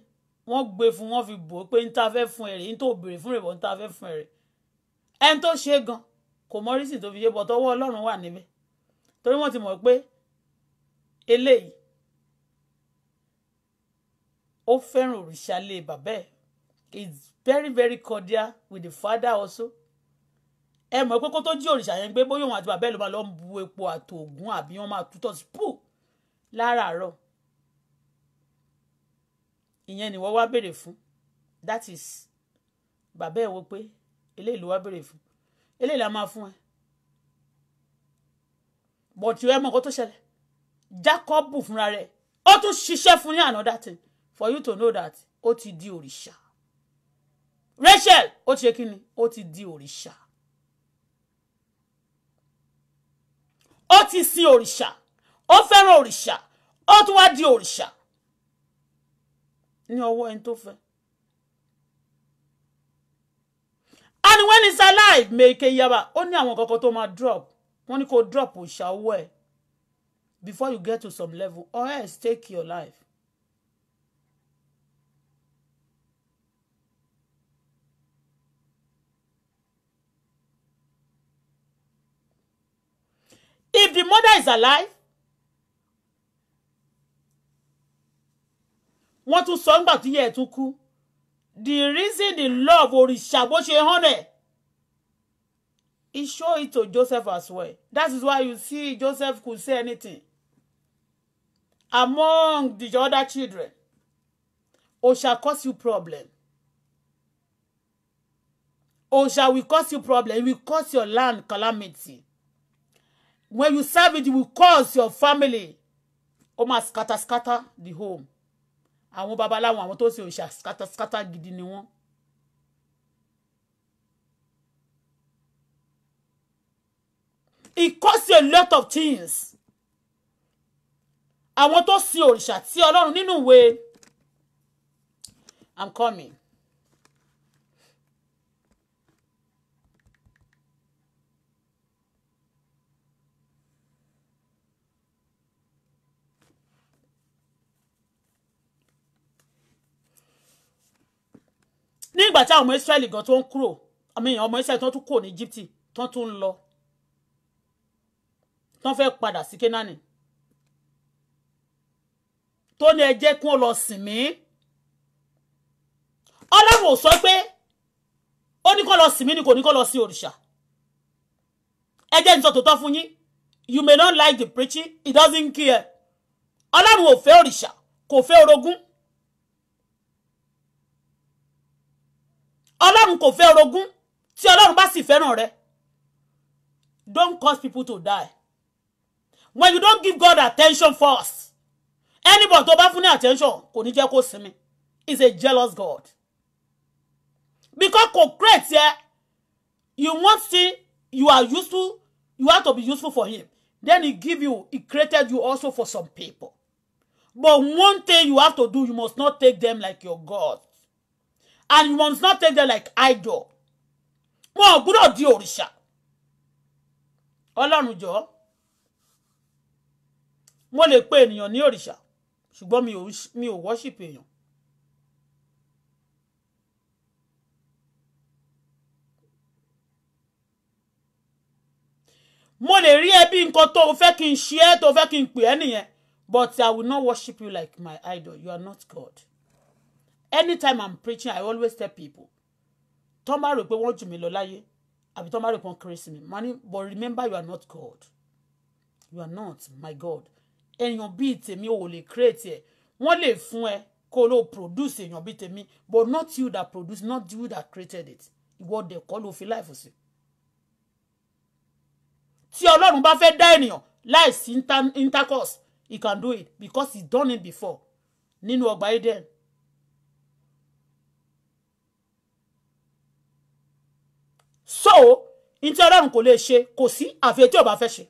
wọ́n gbé fún wọ́n fi bò ó pé ń ta fẹ́ fún ẹ̀rẹ̀ ń tó béèrè fún ìbọn ń ta fẹ́ fún ẹ̀rẹ̀ ẹni tó ṣe gan kò mọ rísì tó fi ṣe bọ̀ tọwọ́ ọlọ́run wà níbẹ̀ torí wọ́n ti mọ̀ pé eléyìí ó fẹ́ràn òrìṣà lé bàbá ẹ̀ is very very cordial with the father also ẹ mọ̀ pé kó tó jí òrìṣà yẹn gbé bóyá òun àti bàbá ẹ̀ ló máa lọ bu epo àtòògùn àbí wọ́n máa tutọ́ sí pù láràárọ̀ ìyẹn ni wọ́n wá béèrè fún that is bàbá ẹ̀ wo pé eléyìí ló wá béèrè fún eléyìí la máa fún ẹ bọ̀tí ẹ mọ̀ kó tó ṣẹlẹ̀ Jacob fúnra rẹ̀ ó tún ṣiṣẹ́ fún ní another thing for you to know that ó ti di òrìṣà Rachel ó ti ṣe kí ni ó ti di òrìṣà ó ti sin òrìṣà ó fẹ́ràn òrìṣà ó tún wá di òrìṣà ní ọwọ́ ẹni tó fẹ́. and when it's alive mèké yaba ó ní àwọn kankan tó máa drop wọ́n ní kó drop òòṣà owó ẹ̀ before you get to some level or else take your life. If the mother is alive wọ́n tún sọ nígbà tí yẹ ẹ̀ tún kú the reason the love òrìṣà bó ṣe hàn ẹ̀ he show it to Joseph as well that is why you see Joseph could say anything among the other children Osha cause you problem Osha will cause you problem it will cause your land calamity when you serve it it will cause your family ó máa scatter scatter the home àwọn babaláwo àwọn tó ṣe òòṣà skátáskátá gidi ni wọ́n. it costs you a lot of things àwọn tó sin òrìṣà tí ọlọ́run nínú ìwé i'm coming ní ìgbà tí àwọn ọmọ Ísírẹ́lì gan tó ń kúrò àmì ọmọ Ísírẹ́lì tó tún kúrò ní Íjíbítì tó tún ń lọ tó fẹ́ padà sí Kénáánì tó ní ẹ jẹ́ kí wọ́n lọ sìn mí Ọlọ́run ò sọ pé ó ní kó lọ sìn mí ni kò ní kó lọ sìn òrìṣà ẹ jẹ́ ní sọ tòótọ́ you may not like the preaching it doesn't care Ọlọ́run ò fẹ́ òrìṣà kò fẹ́ orogun. ọlọ́run kò fẹ́ orogún tí ọlọ́run bá sì fẹ́ràn rẹ don't cause people to die when you don't give God attention first anybody tó bá fún ní attention kò ní jẹ́ kó sinmi is a jealous God because kò create yẹ you want see you are useful you have to be useful for him then he give you he created you also for some people but one thing you have to do you must not take them like your God and you must not take them like idol wọn ò gbúdọ̀ di òrìṣà ọlọ́run jọ mo lè pe ènìyàn ní òrìṣà ṣùgbọ́n mi ò worship èèyàn mo lè rí ẹbí nǹkan tó o fẹ́ kí n ṣe é tó o but I will not worship you like my idol you are not God anytime i'm preaching i always tell people tó bá rò pé wọ́n jù mí lọ láyé àbí tó bá rò pé wọ́n kéré sí mi mani but remember you are not God you are not my God èèyàn bíi tèmi ò lè create ẹ wọ́n lè fún ẹ kó ló produce èèyàn bíi tèmi but not you that produce not you that created it ìwọ dẹ̀ kọ́ ló fi life sí. tí ọlọ́run bá fẹ́ dá ènìyàn láìsí intercourse he can do it because he done it before nínú ọgbà Eden so ní tí ọlọ́run kò lè ṣe kò sí àfi etí ò bá fẹ́ ṣe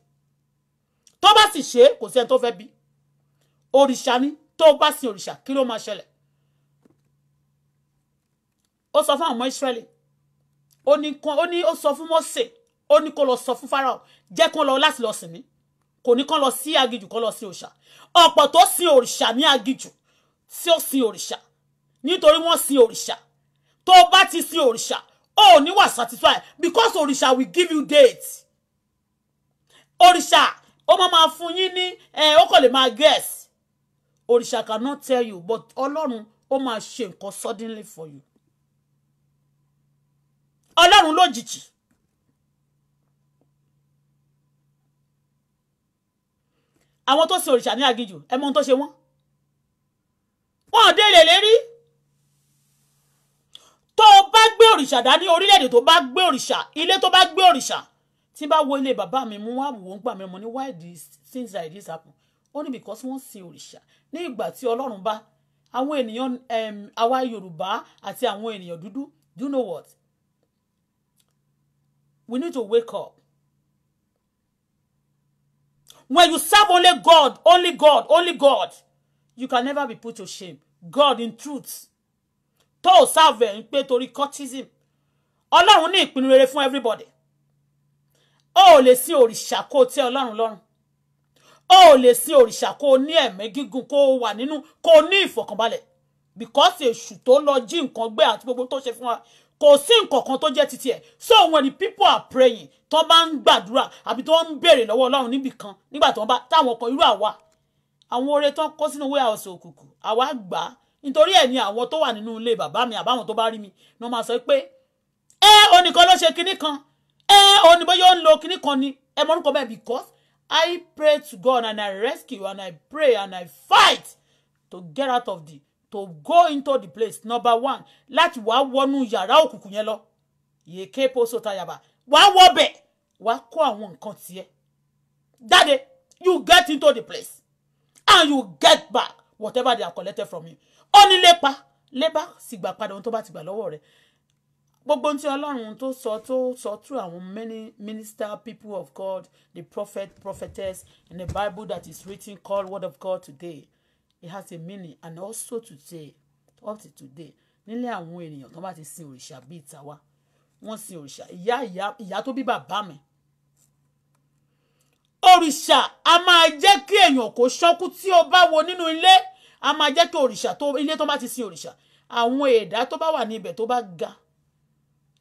tó bá sì ṣe kò sí ẹni tó fẹ́ bí òrìṣà ni tó bá sin òrìṣà kí ló máa ṣẹlẹ̀ ó sọ fún àwọn ọmọ Ísírẹ́lì ó ní ó sọ fún Mósè ó ní kó lọ sọ fún Fáráò jẹ́ kó lọ láti lọ sìn mí kò ní si lọ sí agijù si orisha. sí òrìṣà ọ̀pọ̀ tó sin òrìṣà ní agijù tí ó sin òrìṣà nítorí wọ́n sin òrìṣà ti sin òrìṣà Oh, ní wà satisfied because òrìṣà will give you date òrìṣà O máa máa fún yín ní ẹ ó kàn lè máa guess òrìṣà cannot tell you but Olorun ó máa ṣe nǹkan suddenly for you Olorun lójijì. àwọn tó ṣe òrìṣà ní aginjù ẹ mọ ohun tó ṣe wọn wọn ò dé tó o bá gbé òrìṣà dání orílẹ̀-èdè tó bá gbé òrìṣà ilé tó bá gbé òrìṣà tí bá wo ilé bàbá mi mú wá wò ó ń gbà mí mo ní why these things like this happen ó ní because wọ́n sin òrìṣà ní ìgbà tí ọlọ́run bá àwọn ènìyàn àwa yorùbá àti àwọn ènìyàn dúdú do you know what we need to wake up when you serve only God only God only God you can never be put to shame God in truth paul sáàvù ẹ̀ ń pé torí cultism ọlọ́run ní ìpinnu rere fún everybody o ò lè sin òrìṣà kó o tẹ́ ọlọ́run lọ́rùn o ò lè sin òrìṣà kó o ní ẹ̀mí gígùn kó o wà nínú kó ní ìfọ̀kànbalẹ̀ because èṣù tó lọ jí nǹkan gbé àti gbogbo tó ṣe fún wa kò sí nǹkan kan tó jẹ́ titi ẹ̀ so when the people are praying tó bá ń gbàdúrà àbí tó ń béèrè lọ́wọ́ ọlọ́run níbì kan nígbà tó ń bá táwọn kan irú àwa àwọn oore tó ń kó sínú warehouse òkùnkùn àwa gbà nítorí ẹ̀ ni àwọn tó wà nínú ilé bàbá mi àbáwọn tó bá rí mi ni wọ́n máa sọ pé ẹ onìkan ló ṣe kinní kan ẹ oníbóyá ó ń lo kinní kan ni ẹ mọ orúkọ bẹ́ẹ̀ because I pray to God and I rescue and I pray and I fight to get out of the to go into the place number one láti wàá wọnú yàrá òkùnkùn yẹn lọ yèké pósó tayaba wàá wọ bẹ̀ wàá kó àwọn nǹkan tiẹ̀ jáde you get into the place and you get back whatever they have collected from you ó ní lépa lébá sì gbà padà ohun tó bá ti gbà lọ́wọ́ rẹ̀ gbogbo ohun tí ọlọ́run tó sọ tó sọ through àwọn many minister people of God the prophet prophetess in the Bible that is written called word of God today it has a meaning and also today up to today nílẹ̀ àwọn ènìyàn tó bá ti sin òrìṣà bíi tàwa wọ́n sin òrìṣà ìyá ìyá ìyá tó bí bàbá mi òrìṣà a máa jẹ́ kí èèyàn kó ṣọ́kú tí o bá wo nínú ilé a máa jẹ́ kí òrìṣà tó ilé tó bá ti sin òrìṣà àwọn ẹ̀dá tó bá wà ní ibẹ̀ tó bá ga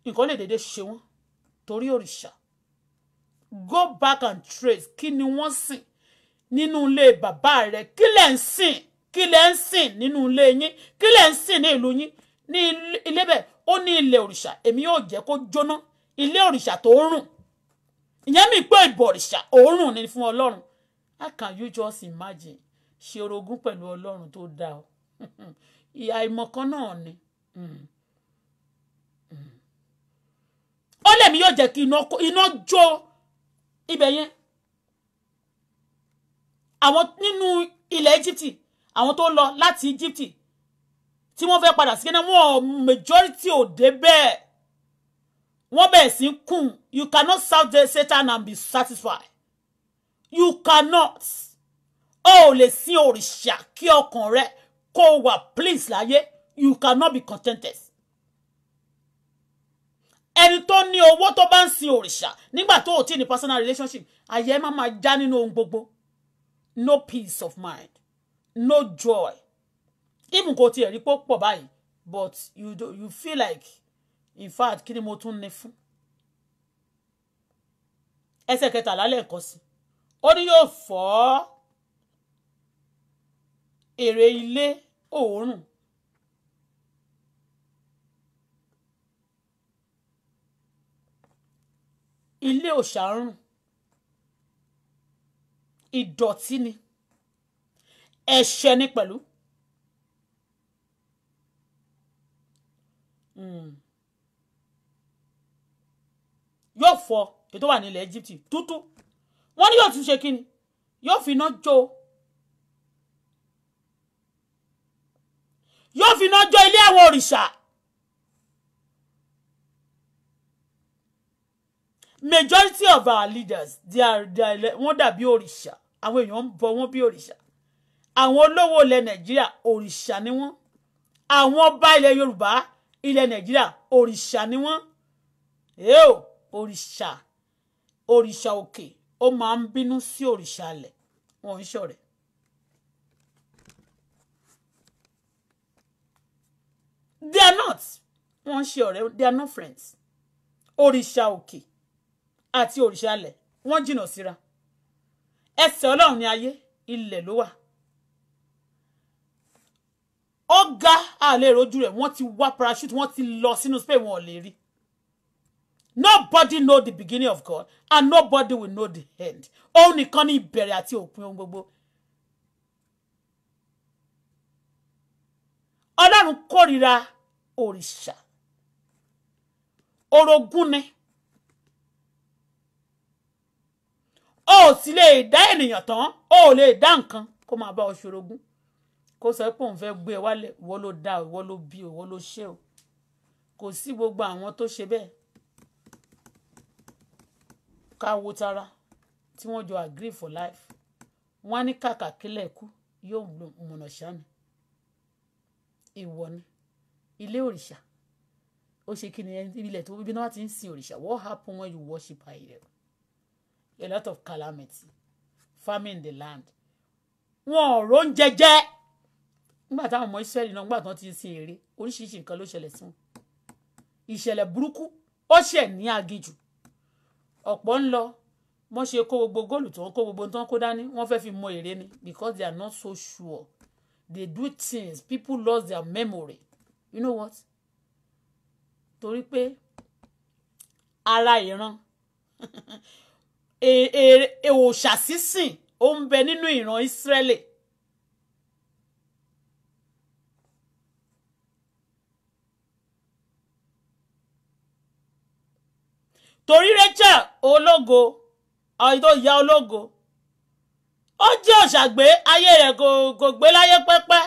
nǹkan lè dédé ṣe wọ́n torí òrìṣà go back and trace kí ni wọ́n sìn nínú ilé bàbá rẹ̀ kí lẹ̀ ń sìn kí lẹ̀ ń sìn nínú ilé yín kí lẹ̀ ń sìn ní ìlú yín ní ilé bẹ́ẹ̀ ó ní ilé òrìṣà èmi yóò jẹ́ kó jóná ilé òrìṣà tó ń rùn ìyẹn mi pé ìbọ̀rìṣà òórùn ni fún ọlọ́run how can you just imagine ṣe orogún pẹ̀lú ọlọ́run tó dá ọ ìyá ìmọ̀kan náà ni hmm. Hmm. ó lèmi yóò jẹ́ kí iná jó ibẹ̀ yẹn àwọn nínú ilẹ̀ Íjíbítì àwọn tó lọ láti Íjíbítì tí wọ́n fẹ́ padà sí kẹ́nà wọn majority ò dé bẹ́ẹ̀ wọ́n bẹ̀rẹ̀ sí kùn you cannot serve Satan and be satisfied you cannot o ò lè sin òrìṣà kí ọkàn rẹ kó o please láyé you cannot be contented. ẹni tó ní owó tó bá ń sin òrìṣà nígbà tó ò tí personal relationship Aye má máa já nínú ohun gbogbo no peace of mind no joy even kò tiẹ̀ rí pé ó pọ̀ but you, do, you feel like in fact kini ni mo tún ní fún ẹsẹ̀ kẹtàlá lẹ́ẹ̀kan sí ó ní yóò fọ́ èrè ilé òórùn. ilé òṣàrùn ìdọ̀tí ni ẹ̀ṣẹ̀ ni pẹ̀lú. Hmm. yóò fọ ètò wà ní ilẹ̀ Egypt tútú wọ́n ní yóò tún ṣe kí ni yóò fi iná jó o. yóò fi iná jó ilé àwọn òrìṣà majority of our leaders they are they are wọ́n dàbí òrìṣà àwọn èèyàn ń bọ wọ́n bí òrìṣà àwọn olówó ilẹ̀ nàìjíríà òrìṣà ni wọ́n àwọn ọba ilẹ̀ yorùbá ilẹ̀ nàìjíríà òrìṣà ni wọ́n èèò òrìṣà òrìṣà òkè ó máa ń bínú sí òrìṣà alẹ̀ wọ́n ń ṣọ̀rẹ́ they are not wọ́n ṣe ọ̀rẹ́ they are not friends òrìṣà òkè àti òrìṣà ilẹ̀ wọ́n jìnnà síra ẹsẹ̀ ọlọ́run ní ayé ilẹ̀ ló wà ọ̀gá àlè rojú rẹ̀ wọ́n ti wá parachute wọ́n ti lọ sínú spain wọn ò lè rí nobody know the beginning of God and nobody will know the end òun nìkan ní ìbẹ̀rẹ̀ àti òpin ohun gbogbo. ọlọ́run kórìíra òrìṣà orogún ni o ò sì lè dá ènìyàn tán o ò lè dá nǹkan kó máa bá ọ ṣorogún kó sọ pé òun fẹ́ gbé ẹ wálẹ̀ ìwọ ló dá o ìwọ ló bí o ìwọ ló ṣe o kò sí gbogbo àwọn tó ṣe bẹ́ẹ̀ ká wo tara tí wọ́n jọ agree for life wọ́n á ní kàkà kílẹ̀ kú yóò múnà ṣáni ìwọ ni ilé òrìṣà ó ṣe kí ni ilẹ̀ tó ibi náà ti ń sin òrìṣà what happen when you worship idol a lot of calamity famine in the land wọn ò róúnjẹ jẹ nígbà táwọn ọmọ Ísírẹ́lì náà nígbà tán ti ń sin ère oríṣiríṣi nǹkan ló ṣẹlẹ̀ sí wọn ìṣẹ̀lẹ̀ burúkú ó ṣẹ̀ ní aginjù ọ̀pọ̀ ń lọ wọ́n ṣe kó gbogbo góòlù tó ń kó gbogbo tó ń kó dání wọ́n fẹ́ fi mọ èrè ni because they are not so sure they do things people lost their memory you know what torí pé ara ìran e, e, òòṣà sísìn ó ń bẹ nínú ìran Ísírẹ́lì torí Rachel ológo ọyìn tó ya ológo ó jẹ́ òṣàgbé ayé rẹ̀ kò gbé láyé pẹ́pẹ́.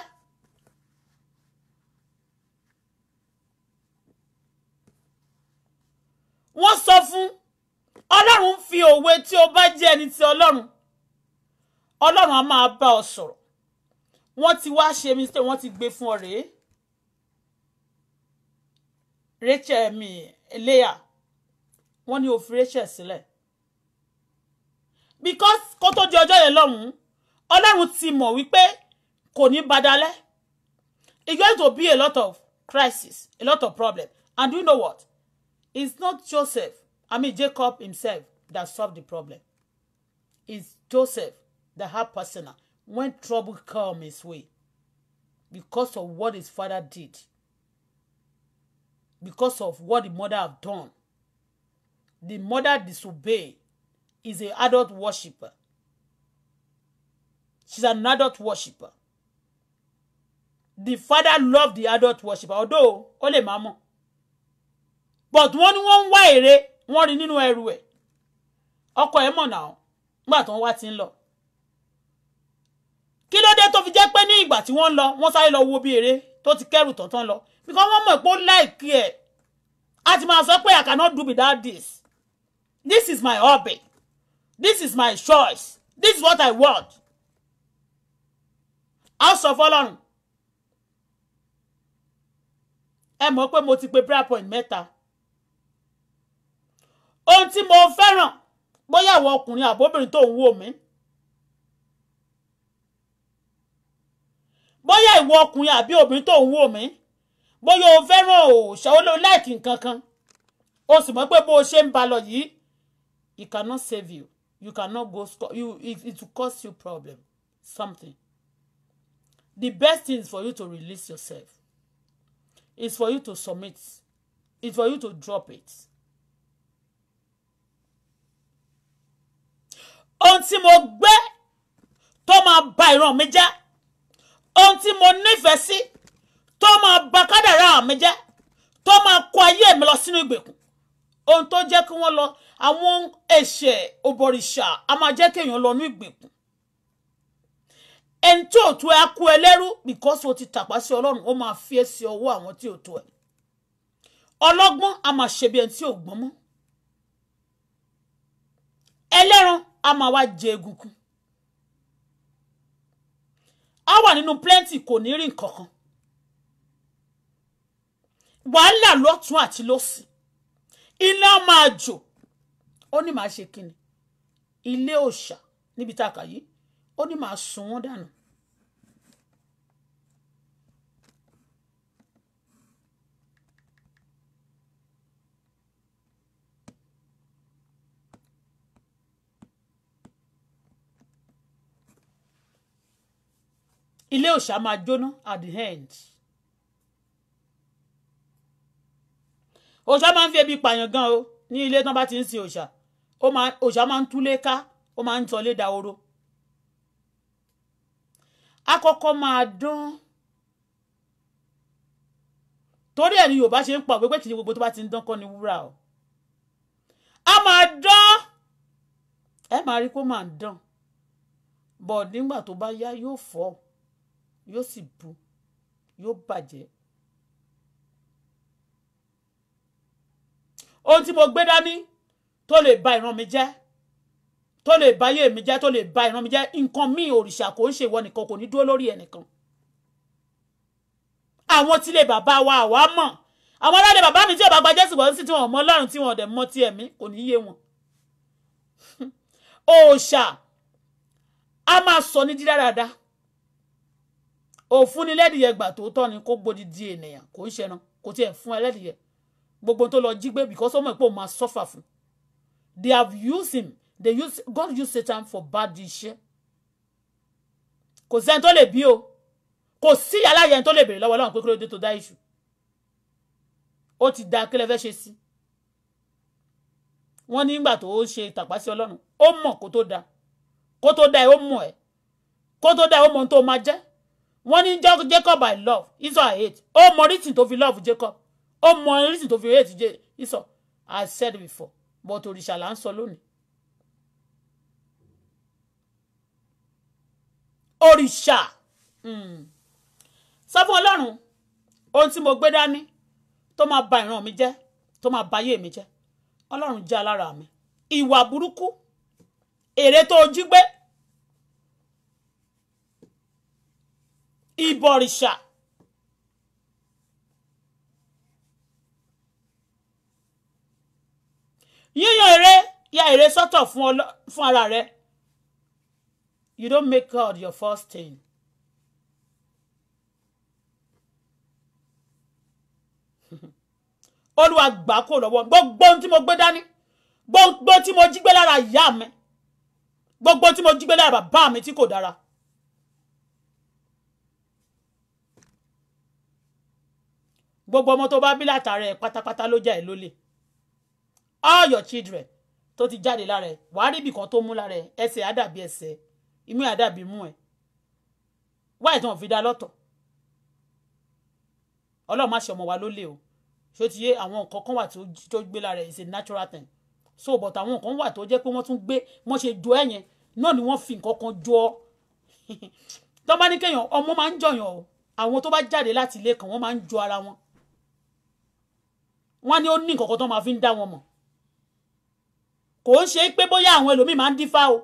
wọ́n sọ fún ọlọ́run fi òwe tí o bá jẹ́ ẹni ti ọlọ́run ọlọ́run á máa bá ọ sọ̀rọ̀ wọ́n ti wá ṣe mistake wọ́n ti gbé fún ọ rèé Rachel mi Leah wọ́n ní ó fi Rachel sílẹ̀ because kó tó di ọjọ́ yẹn lọ́hùn-ún ọlọ́run ti mọ̀ wípé kò ní badalẹ́ it's going to be a lot of crisis a lot of problem and do you know what It's not Joseph, I mean Jacob himself, that solved the problem. It's Joseph, the hard personal, when trouble come his way because of what his father did, because of what the mother have done. The mother disobey is an adult worshiper. She's an adult worshiper. The father loved the adult worshiper, although ó lè máa but wọ́n ní wọ́n ń wá èrè wọ́n rí nínú ẹrù ẹ̀ ọkọ ẹ̀ mọ̀ náà nígbà tó ń wá ti ń lọ kí ló dé tó fi jẹ́ pé ní ìgbà tí wọ́n ń lọ wọ́n sáré lọ wo bí èrè tó ti kẹ́rù tọ̀tán lọ because wọ́n mọ̀ pé ó láìkí ẹ̀ a ti máa sọ pé I cannot do without this this is my hobby this is my choice this is what I want a sọ fọ́lọ́run ẹ mọ̀ pé mo ti pe prayer point mẹ́ta ohun tí mo fẹ́ràn bóyá àwọn ọkùnrin àbóbìnrin tó ń wò mí bóyá ìwọ ọkùnrin àbí obìnrin tó ń wò mí bóyá o fẹ́ràn òòṣà olóò láìkì nǹkan kan o sì mọ̀ pé bó o ṣe ń ba yìí it cannot save you you cannot go score you it will cause you problem something the best thing is for you to release yourself is for you to submit is for you to drop it. ohun tí mo gbé tó máa ba ìran mi jẹ́ ohun tí mo nífẹ̀ẹ́ sí tó máa ba kádàrá mi jẹ́ tó máa kó ayé mi lọ sínú ìgbèkùn ohun tó jẹ́ kí wọ́n lọ àwọn ẹ̀ṣẹ̀ òbọ̀rìṣà a máa jẹ́ kéèyàn lọ ní ìgbèkùn ẹni tí ò ẹ kú ẹ lẹ́rú because o ti tàpá sí ọlọ́run ó máa fi é sí ọwọ́ àwọn tí ò tó ẹ ọlọ́gbọ́n a máa ṣe bí ẹni tí ò gbọ́n mọ́ ẹlẹ́ran a máa wá jẹ egungun a wà nínú plenty kò ní rí nǹkan kan wàhálà lọ́tún àti lọ́sì ilé máa jò ó ní màá ṣe kíni ilé òòṣà níbi tá a sun wọ́n dànù ilé òòṣà máa jóná at the end òòṣà máa ń fi ebi pààyàn gan o ní ilé tán bá ti ń sin òòṣà òòṣà máa ń túlé ká ó máa ń tọ́lé dahoro àkọ́kọ́ máa dán torí ẹ̀ ni yorùbá ṣe ń pa òwe pé kìí gbogbo tó bá ti ń dán kọ́ ni wúrà o a máa dán ẹ máa rí kó máa dán bọ̀ nígbà tó bá yá yóò fọ́ ọ yóò sì bu, yóò bàjẹ́. Ohun tí mo gbé dání tó lè ba ìran mi jẹ́, tó lè ba ayé mi jẹ́, tó lè ba ìran mi jẹ́, nǹkan mi òrìṣà kò ń ṣe ìwọ nìkan kò ní dúró lórí ẹnìkan. Àwọn tí lè bàbá wa àwa mọ̀, àwọn aráàlú bàbá mi tí ọba gba Jésù wọ́n sì tí wọ́n mọ Ọlọ́run tí wọ́n dẹ̀ mọ ti ẹ̀mí kò ní yé wọn. Òòṣà a máa sọ ní dídáradá òfun ni lẹ́dìyẹ gbà tó tọ́ ni kó gbòdì di ènìyàn kò ń ṣẹran kò tiẹ̀ fún ẹlẹ́dìyẹ gbogbo tó lọ jí gbé because ó mọ̀ máa suffer fún they have used him they use God use Satan for bad iṣẹ́ kò sẹ́ni tó lè bí o kò sí aláyẹn tó lè béèrè lọ́wọ́ ọlọ́run pé kí ló dé tó dá iṣu ó ti da kí fẹ́ ṣe sí wọ́n nígbà tó ṣe ìtàpá sí ọlọ́run ó mọ̀ kó tó da kó tó da ẹ̀ ó mọ̀ ẹ̀ kó tó da ẹ̀ ó mọ̀ tó máa jẹ́ wọ́n ní Jacob I love Esau I hate ó mọ reason tó fi love Jacob ó mọ reason tó fi hate Esau I said before but òrìṣà là ń sọ lónìí. òrìṣà hmm. sọ fún ọlọ́run ohun tí mo gbé dání tó máa ba ìran mi jẹ́ tó máa ba ayé mi jẹ́ ọlọ́run jẹ́ alára mi ìwà burúkú èrè tó ojú gbé ìbọ̀rìṣà. yíyan èrè ya èrè sọ́tọ̀ fún ara rẹ you don't make God your first thing. olúwa gbà kó lọ́wọ́ gbogbo ohun tí mo gbé Dani. gbogbo tí mo jí gbé lára ìyá mi gbogbo tí mo jí gbé lára bàbá mi tí kò dára gbogbo ọmọ tó bá bí látara ẹ pátápátá ló jà ẹ lólè all your children tó ti jáde lára ẹ wàá rí ibìkan tó mú lára ẹ ẹsẹ̀ àdàbí ẹsẹ̀ imú àdàbí mú ẹ wáyé tí wọn fi dá lọ́tọ̀ Ọlọ́run má ṣe ọmọ wa lólè o ṣó ti yé àwọn nǹkan kan wà tó gbé lára ẹ it's a natural thing so but àwọn nǹkan wà tó jẹ́ pé wọ́n tún gbé wọ́n ṣe jọ ẹ yẹn náà ni wọ́n fi nǹkan kan jọ ọ tó bá ní kéèyàn ọmọ máa ń jọyàn o àwọn tó bá jáde láti ilé kan wọ́n máa ń jọ ara wọn wọ́n ní ó ní nǹkan kan tó máa fi ń dá wọn mọ̀ kò ń ṣe pé bóyá àwọn ẹlòmíì máa ń dífá o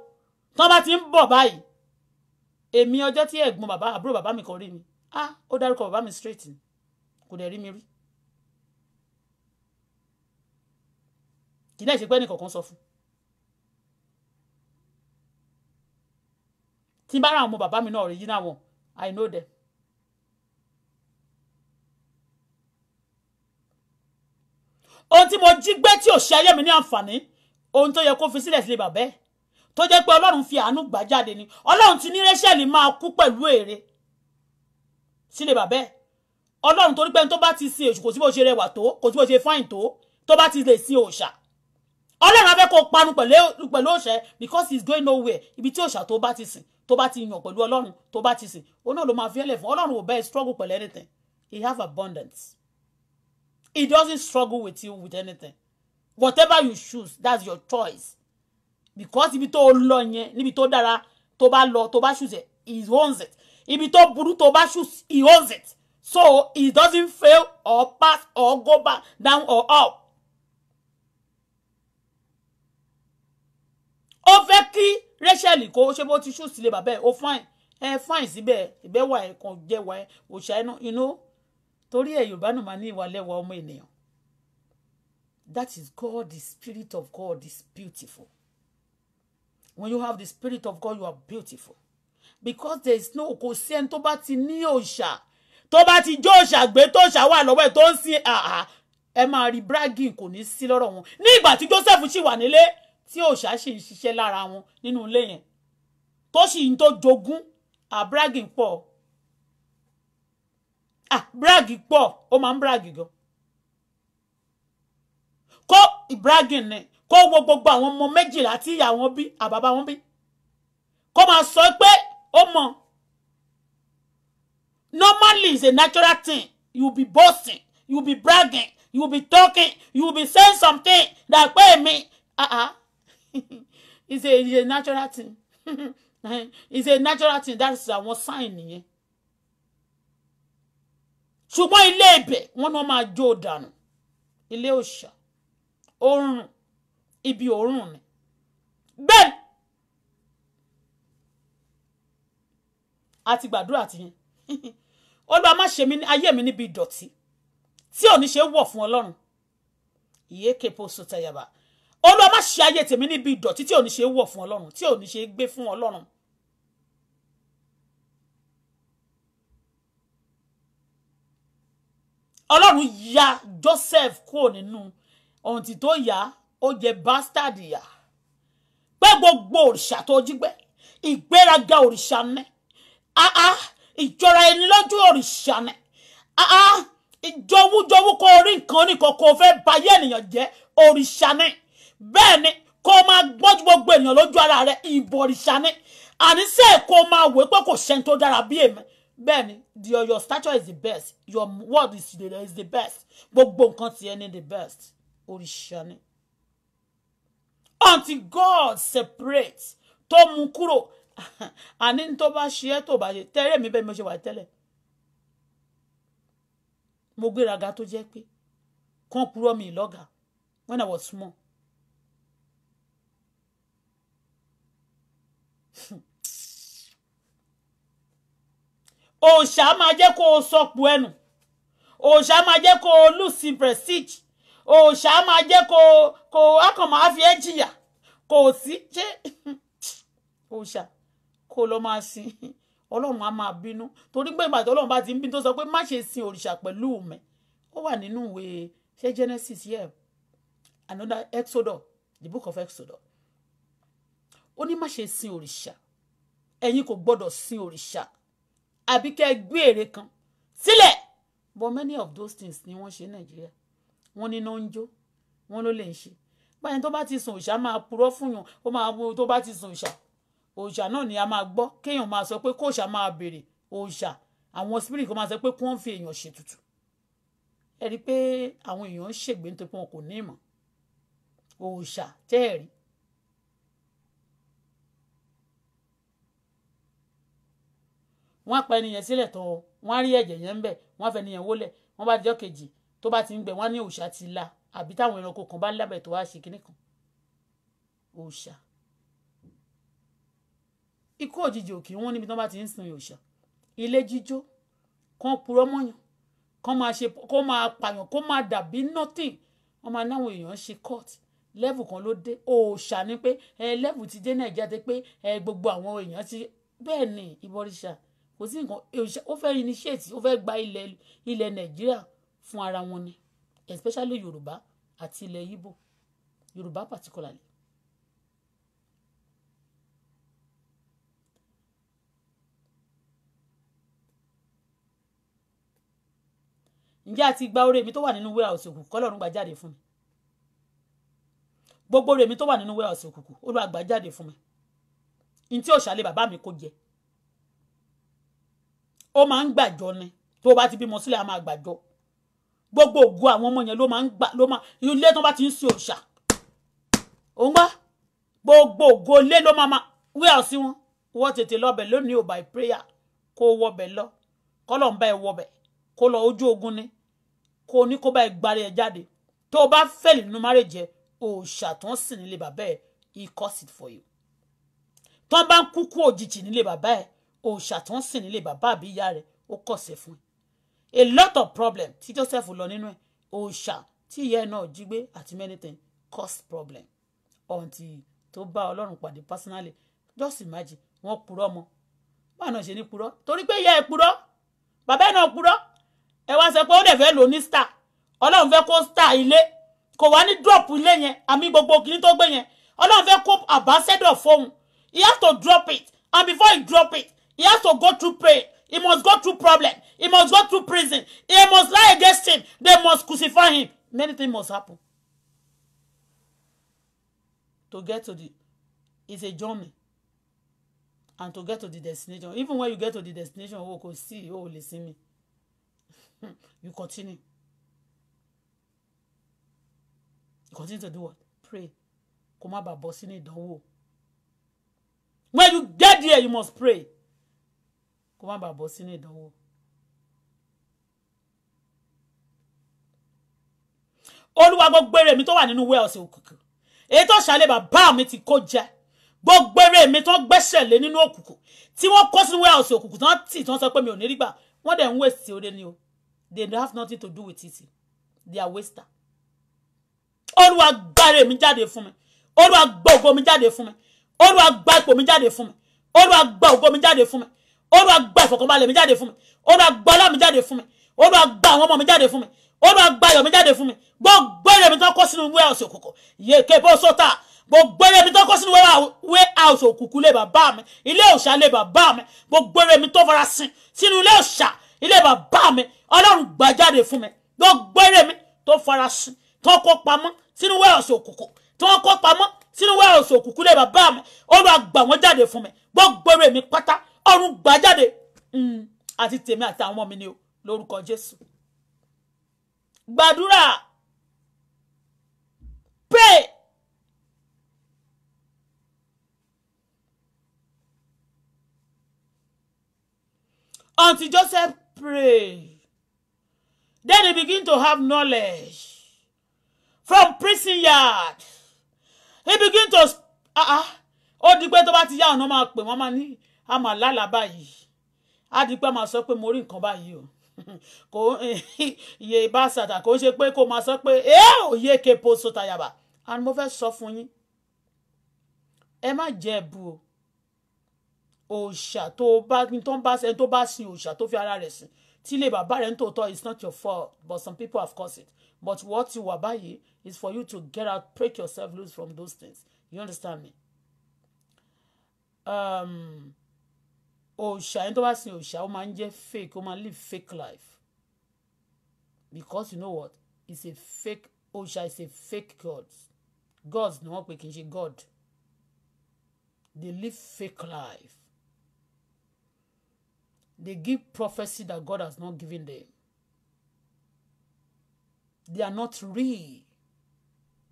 tí wọ́n bá ti ń bọ̀ báyìí èmi ọjọ́ tí ẹ̀gbọ́n bàbá àbúrò bàbá mi kan rí mi ah ó dárúkọ bàbá mi straight ni kò dẹ̀ rí mi rí kì í dẹ̀ ṣe pé ẹnìkọ̀ọ̀kan sọ fún tí n bá ra àwọn ọmọ bàbá mi náà rí yín náà wọn i know them ohun tí mo jí gbé tí ò ṣe ayé mi ní àǹfààní ohun tó yẹ kó fi sílẹ̀ sílẹ̀ bàbẹ́ tó jẹ́ pé ọlọ́run fi àánú gbà jáde ni ọlọ́run ti ní rẹ́ṣẹ̀lì máa kú pẹ̀lú èrè sílẹ̀ bàbẹ́ ọlọ́run torí pé tó bá ti sin èṣù kò sí bó ṣe rẹwà tó kò sí bó ṣe fáìn tó tó bá ti lè sin òòṣà ọlọ́run á fẹ́ kó parun pẹ̀lú òòṣà because he is going nowhere ibi tí òòṣà tó bá ti sìn tó bá ti yàn pẹ̀lú ọlọ́run tó bá ti sìn òun náà ló máa fi ẹlẹ̀ ọlọ́run ò bẹ́ẹ̀ struggle pẹ̀lú anything he have abundance He doesn't struggle with you with anything. Whatever you choose, that's your choice. Because ibi tó lọ yẹn, níbi tó dára, tó bá lọ, tó bá choose it, he owns it. If tó burú tó bá choose, he owns it. So he doesn't fail or pass or go back down or up. Ó fẹ́ kí Rachel kó ṣe bó ti choose sílé bàbá ẹ̀, ó fine. Ẹ fine síbẹ̀, ìbẹ́wà ẹ̀ kan jẹ́wà ẹ̀, òṣà ẹ̀ náà, you know torí ẹ̀ yorùbá náà máa ní ìwà lẹ́wà ọmọ ènìyàn that is God the spirit of God is beautiful when you have the spirit of God you are beautiful because there is no kò sí ẹni tó bá ti ní òòṣà tó bá ti jó òòṣà gbé tó òòṣà wà lọ́wọ́ ẹ̀ tó ń sin ah, ah, ẹ máa rí bragging kò ní sí lọ́rọ̀ wọn ní ìgbà tí Joseph ṣì wà nílé tí òòṣà ṣì ń ṣiṣẹ́ lára wọn nínú ilé yẹn tó sì ń tó jogún àbragging pọ̀ ah brag pọ̀ ó máa ń brag gan kó bragging ni kó wo gbogbo àwọn ọmọ méjìlá tí ìyá wọn bí àbàbá wọn bí kó máa sọ pé ó mọ̀ normally is a natural thing you be boasting you be bragging you be talking you be saying something that pe mi ah ah it's a it's a natural thing it's a natural thing that's àwọn sign nìyẹn ṣùgbọ́n ilé ibẹ̀ wọ́n náà máa jó dànù ilé òòṣà òórùn ibi òórùn ni bẹ́ẹ̀ àti gbàdúrà ti yẹn olúwa má ṣe ayé mi níbi ìdọ̀tí tí ò ní ṣe wọ̀ fún ọlọ́run ìyé kepo sotayaba olúwa má ṣe ayé tèmi níbi ìdọ̀tí tí ò ní ṣe wọ̀ fún ọlọ́run tí ò ṣe gbé fún ọlọ́run ọlọ́run ya Joseph kúrò nínú ọ̀ǹtì tó yá ó jẹ bastard yá pé gbogbo òrìṣà tó jí gbé ìgbéraga òrìṣà ní ìjọra ẹni lójú òrìṣà ní ìjọwújọwú kó orí nǹkan nìkan kó fẹ́ bayé ènìyàn jẹ́ òrìṣà ní bẹ́ẹ̀ ni kó máa gbọ́jú gbogbo ènìyàn lójú ara rẹ̀ ìbọ̀rìṣà ní àníṣe kó máa wé pé kò sẹ́ni tó dára bí èmi bẹ́ẹ̀ ni your your stature is the best your word is the, is the best gbogbo nǹkan tiẹ̀ ni the best òrìṣà ni. until God separates tó mú kúrò àní tó bá ṣe é tó bá ṣe tẹ́rẹ̀ mi bẹ́ẹ̀ mo ṣe wà tẹ́lẹ̀ mo gbéraga tó jẹ́ pé kán purọ́ mi lọ́gàá when I was small òòṣà máa jẹ́ kó o sọpọ̀ ẹnu òòṣà máa jẹ́ kó o lùsìn prestige òòṣà máa jẹ́ kó o kó o akàn máa fi ẹ́ jìyà kò sí ṣé òòṣà kó o lọ máa sin ọlọ́run á máa bínú torí pé ìgbà tí ọlọ́run bá ti ń bínú tó sọ pé má ṣe sin òrìṣà pẹ̀lú mi ó wà nínú ìwé ṣé Genesis yẹ another Exodus the book of Exodus ó ní má ṣe sin òrìṣà ẹ̀yin kò gbọ́dọ̀ sin òrìṣà àbí kẹ́ ẹ gbé èrè kan sílẹ̀ but many of those things ni wọ́n ṣe ní nàìjíríà wọ́n ní náà ń jó wọ́n ló lè ń ṣe báyìí tó bá ti sùn òòṣà máa purọ́ fún yàn ó máa wo tó bá ti sùn òòṣà òòṣà náà ni a máa gbọ́ kéèyàn máa sọ pé kóòṣà máa béèrè òòṣà àwọn spirit kan máa sọ pé kí wọ́n fi èèyàn ṣètùtù ẹ rí pé àwọn èèyàn ń ṣègbè nítorí pé wọn kò ní ìmọ̀ òòṣà tẹ́ẹ̀rí wọ́n á pa ẹni yẹn sílẹ̀ tán o wọ́n á rí ẹ̀jẹ̀ yẹn ń bẹ̀ wọ́n á fẹ́ ẹni yẹn wólẹ̀ wọ́n bá dijọ́ kejì tó bá ti ń gbẹ wọ́n á ní òòṣà ti la àbí táwọn ẹranko kan bá lábẹ́ tó wá ṣe kinní kan òòṣà ikú òjijì òkè wọn níbi tí bá ti ń sin òòṣà ilé jíjó kan purọ́ mọ́yàn kan máa ṣe kó máa pààyàn kó máa dàbí nothing wọ́n máa náwọn èèyàn ṣe court level kan ló dé òòṣà ni pé ẹ level ti dé nàìjíríà ti pé ẹ gbogbo àwọn èèyàn ti bẹ́ẹ̀ ni ìbọrìṣà kò sí nǹkan ó fẹ́ initiate ó fẹ́ gba ilẹ̀ ilẹ̀ nàìjíríà fún ara wọn ni especially yorùbá àti ilẹ̀ Ìgbò yorùbá particularly. ǹjẹ́ àti gba oore mi tó wà nínú warehouse òkùnkùn kọ́lọ́run gbà jáde fún mi gbogbo oore mi tó wà nínú warehouse òkùnkùn Olúwa gbà jáde fún mi ntí òṣàlẹ̀ bàbá mi kò jẹ́ ó máa ń gbàjọ ni tó bá ti bímọ sílẹ̀ á máa gbàjọ gbogbo ògo àwọn ọmọ yẹn ló máa ń gbà ló máa ilé tó bá ti ń sin òòṣà òun gbá gbogbo ògo ilé ló máa máa wí àsí wọn wọ́n tètè lọ́bẹ̀ lónìí ò by prayer kó wọbẹ̀ lọ kọ́lọ̀ ń bá ẹ wọbẹ̀ kó lọ ojú ogun ni kó ní kó bá ẹ gbárí ẹ jáde tó o bá fẹ́lì nínú márèjẹ òòṣà tó ń sìn nílé bàbá ẹ he cause it for you tó bá ń kúkú òjijì nílé bàbá ẹ òòṣà tó nílé bàbá àbí ìyá rẹ̀ ó kọ̀sẹ̀ fún ẹ a lot of problem tí Joseph lọ nínú ẹ òòṣà tí ìyá ẹ náà jí gbé àti many things cause problem until tó bá Ọlọ́run pàdé personally just imagine wọ́n purọ́ mọ́ báwọn náà ṣe ní purọ́ torí pé ìyá ẹ purọ́ bàbá ẹ náà purọ́ ẹ wá sọ pé ó dẹ̀ fẹ́ lò ní star Ọlọ́run fẹ́ kó star ilé kò wá ní drop ilé yẹn àmì gbogbo kìíní tó gbé yẹn Ọlọ́run fẹ́ kó àbáṣẹ́dọ̀ fóun he has to drop it and before he drop it He has to go through prayer. He must go through problem. He must go through prison. He must lie against him. They must crucify him. Many things must happen. To get to the, it's a journey. And to get to the destination, even when you get to the destination, oh, go see, oh, listen me. you continue. You continue to do what? Pray. Kó má bàa bọ́ sínú When you get there, you must pray kó má bàa bọ́ sínú ìdánwò. olúwa gbogbo èrè mi tó wà nínú wẹ́ọ̀sì òkùnkùn èyí tó ṣàlẹ̀ bàbá mi ti kó jẹ gbogbo èrè mi tó gbẹ́sẹ̀ lé nínú òkùnkùn tí wọ́n kó sínú wẹ́ọ̀sì òkùnkùn tán tì tán sọ pé mi ò ní rí gbà wọ́n dẹ̀ ń wèsì oore ni o they have nothing to do with it they are waster. olúwa gbàrè mi jáde fún mi olúwa gbọ́ ògo mi jáde fún mi olúwa gbà ipò mi jáde fún mi olúwa gbà ògo mi jáde fún mi olúwa gba ìfọ̀kànbalẹ̀ mi jáde fún mi olúwa gba ọlá mi jáde fún mi olúwa gba àwọn ọmọ mi jáde fún mi olúwa gba ayọ̀ mi jáde fún mi gbogbo èrè mi tó kó sínú wé àwòsàn òkùnkùn yèké bó sọ́tà gbogbo èrè mi tó kó sínú wé àwòsàn òkùnkùn lé bàbá mi ilé òòṣà lé bàbá mi gbogbo èrè mi tó fara sin sínú ilé òòṣà ilé bàbá mi ọlọ́run gbà jáde fún mi gbogbo èrè mi tó fara sin tó kó pamọ́ sínú wé àwòsàn òkùnkùn tó kó pamọ́ sínú wé àwòsàn òkùnkùn lé bàbá mi olúwa gbà wọ́n jáde fún mi gbogbo èrè mi pátá ọ̀run gbà mm. àti tèmi àti ọmọ mi ni o lórúkọ Jésù gbàdúrà pé until Joseph pray then he begin to have knowledge from prison yard he begin to ah ah ó di pé tó bá ti yá ọ̀nà máa pè wọ́n máa ní a máa lálàá báyìí á di pé a máa sọ pé mo rí nǹkan báyìí o kò iye bá sàtà kò ń ṣe pé kò máa sọ pé ẹ ò yé kepo sotayaba and mo fẹ́ sọ fún yín ẹ má jẹ ẹ̀bù o òòṣà tó bá tó bá ẹni tó bá sin òòṣà tó fi ara rẹ̀ sìn tí ilé bàbá rẹ̀ ń tòótọ́ it's not your fault but some people have caused it but what you wà báyìí is for you to get out break yourself loose from those things you understand me. Um, òòṣà ẹni tó bá sin òòṣà ó máa ń jẹ́ fake ó máa ń live fake life because you know what it's a fake òòṣà is a fake god gods ni wọ́n pè kì í ṣe god they live fake life they give prophecy that God has not given them they are not real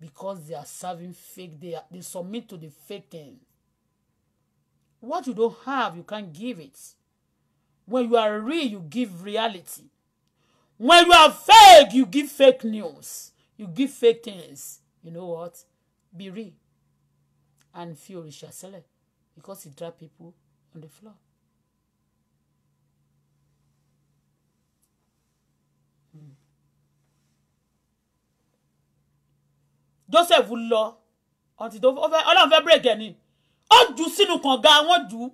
because they are serving fake they are, they submit to the fake thing What you don't have, you can't give it. When you are real, you give reality. When you are fake, you give fake news. You give fake things. You know what? Be real. And fear Richard Seller because he drop people on the floor. Mm. Joseph lọ ọtí over? ọlọ́run fẹ́ bírèkì ẹ̀ ni ó jù sínú kànga wọn jù ú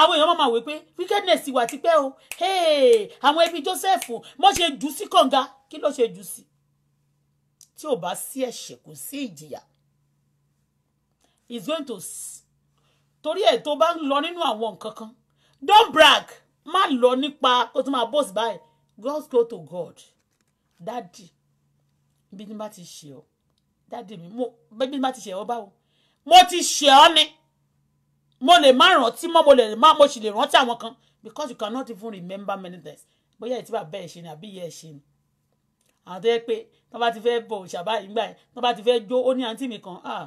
àwọn èèyàn máa wí pé wickedness wà tipẹ́ o àwọn ẹbí Joseph mọ́ ṣe jù sí kànga kí ló ṣe jù sí tí ò bá sí ẹ̀ṣẹ̀ kò sí ìjìyà is going to torí ẹ̀ tó bá ń lọ nínú àwọn nǹkan kan don't brag má lọ nípa kó tó máa boss báyìí just go to God daddy ibi tí bá ti ṣe ọ́ dáàdì mi mo bẹ́ẹ̀ bí má ti ṣe ọ́ báwo mo ti ṣe ọ́ ni mo lè má rántí mọ́ mo lè má mo sì lè rántí àwọn kan because you cannot even remember many things bóyá ìtí bàbá ẹ̀ ṣe ni àbí ìyá ẹ̀ ṣe ni àwọn tó yẹ pé tó bá ti fẹ́ bọ̀ ṣàbá ìgbà yẹn tó bá ti fẹ́ jó ó ní àǹtí mi kan ah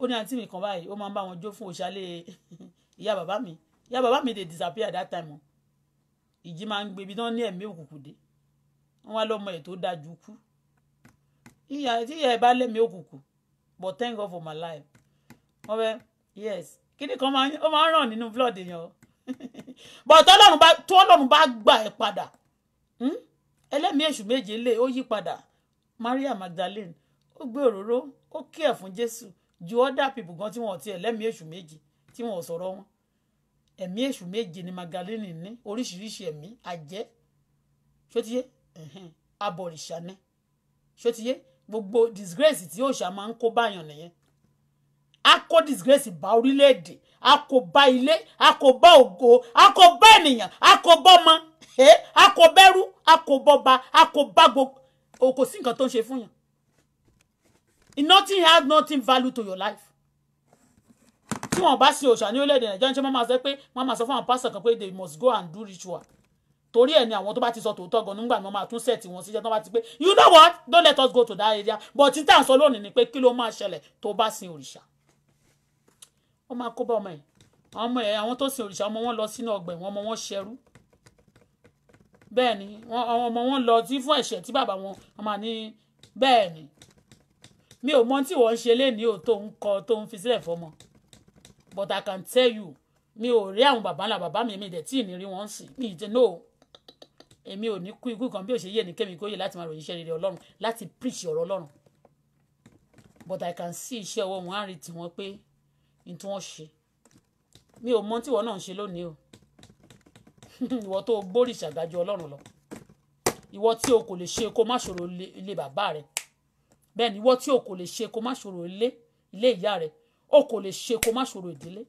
ó ní àǹtí mi kan báyìí ó máa ń bá wọn jó fún òṣàlẹ̀ ìyá bàbá mi ìyá bàbá mi dey disappear that time o ìjì máa ń gbé ibi náà ní ẹ̀mí òkùnkùn dé wọ́n wá lọ́mọ ẹ̀ tó dájú kú ìyà tí ìyà ẹ bá lé mi òkùnkùn but thank God for my life wọ́n fẹ́ yes kíní kan ó máa ń ràn nínú blood èèyàn but tọ́lọ́run bá tọ́lọ́run bá gbà ẹ́ padà hmm? ẹlẹ́mìí èṣù méje lè ó yí padà Maria Magdalene ó gbé òróró ó kí ẹ̀ fún Jésù ju other people gan tí wọ́n ti ẹlẹ́mìí èṣù méje tí wọ́n sọ̀rọ̀ wọn ẹ̀mí èṣù méje ni Magdalene ní oríṣiríṣi ẹ̀mí àjẹ́ ṣótiyé abọ̀rìṣà ni ṣótiyé gbogbo disgrace tí òòṣà máa ń kó báyàn nìyẹn a kó disgrace bá orílẹ̀-èdè a kó bá ilé a kó bá ògo a kó bá ènìyàn a kó bá ọmọ a kó bẹ́rú a kó bọ́ba a kó bá gbogbo kò sí nǹkan tó ń ṣe fún yàn nothing has nothing value to your life tí wọn bá ṣe òòṣà ní orílẹ̀-èdè nàìjíríà ṣé wọ́n máa sọ pé wọ́n máa sọ fún àwọn pásítọ̀ kan pé they must go and do ritual torí ẹ̀ ni àwọn tó bá ti sọ tòótọ́ gan nígbà ni wọ́n máa tún sẹ̀tì wọn síjẹ́ tó bá ti pé you know what don't let us go to that area but títà sọ lónìí ni pé kí ló máa ṣẹlẹ̀ tó bá sin òrìṣà wọ́n máa kó bá ọmọ ẹ̀ ọmọ ẹ̀ àwọn tó sin òrìṣà ọmọ wọn lọ sínú ọgbà ẹ̀wọ̀n ọmọ wọn ṣẹrú bẹ́ẹ̀ ni àwọn ọmọ wọn lọ tí fún ẹ̀ṣẹ̀ tí bàbá wọn máa ní bẹ́ẹ̀ ni mi ò mọ tí wọ́n ṣe léèní o tó ń kọ tó ń fi sílẹ̀ fọmọ but I can tell you mi ò rí àwọn bàbá ńlá bàbá mi mi dẹ̀ tí ì ní rí wọn sìn mi ì dẹ̀ no èmi ò ní kú ikú kan bí ò ṣe yé ní kémi kóyè láti máa ròyìn iṣẹ́ rere ọlọ́run láti preach ọ̀rọ̀ ọlọ́run but i can see iṣẹ́ ọwọ́ wọn á rí tiwọn pé n tí wọ́n ṣe mi ò mọ tí ìwọ náà ń ṣe lónìí o ìwọ tó o borí ìṣàgájọ ọlọ́run lọ ìwọ tí o kò lè ṣe kó má ṣòro ilé bàbá rẹ bẹ́ẹ̀ ni ìwọ tí o kò lè ṣe kó má ṣòro ilé ilé ìyá rẹ o kò lè ṣe kó má ṣòro ìdílé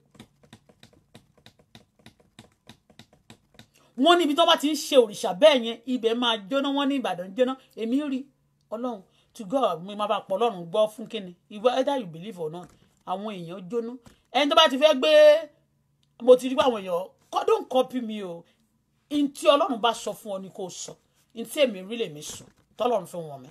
wọ́n níbi tó bá ti ń ṣe òrìṣà bẹ́ẹ̀ yẹn ibẹ̀ máa jóná wọ́n ní Ìbàdàn jóná èmi rí ọlọ́run to God mi máa bá pọ̀ ọlọ́run gbọ́ fún kíni either you believe or not àwọn èèyàn jóná ẹni tó bá ti fẹ́ gbé mo ti rí pé àwọn èèyàn don't copy mi o ntí ọlọ́run bá sọ fún ọ ni kò sọ ntí èmi rí lèmi sùn tọ́lọ́run fi wọ̀n mi.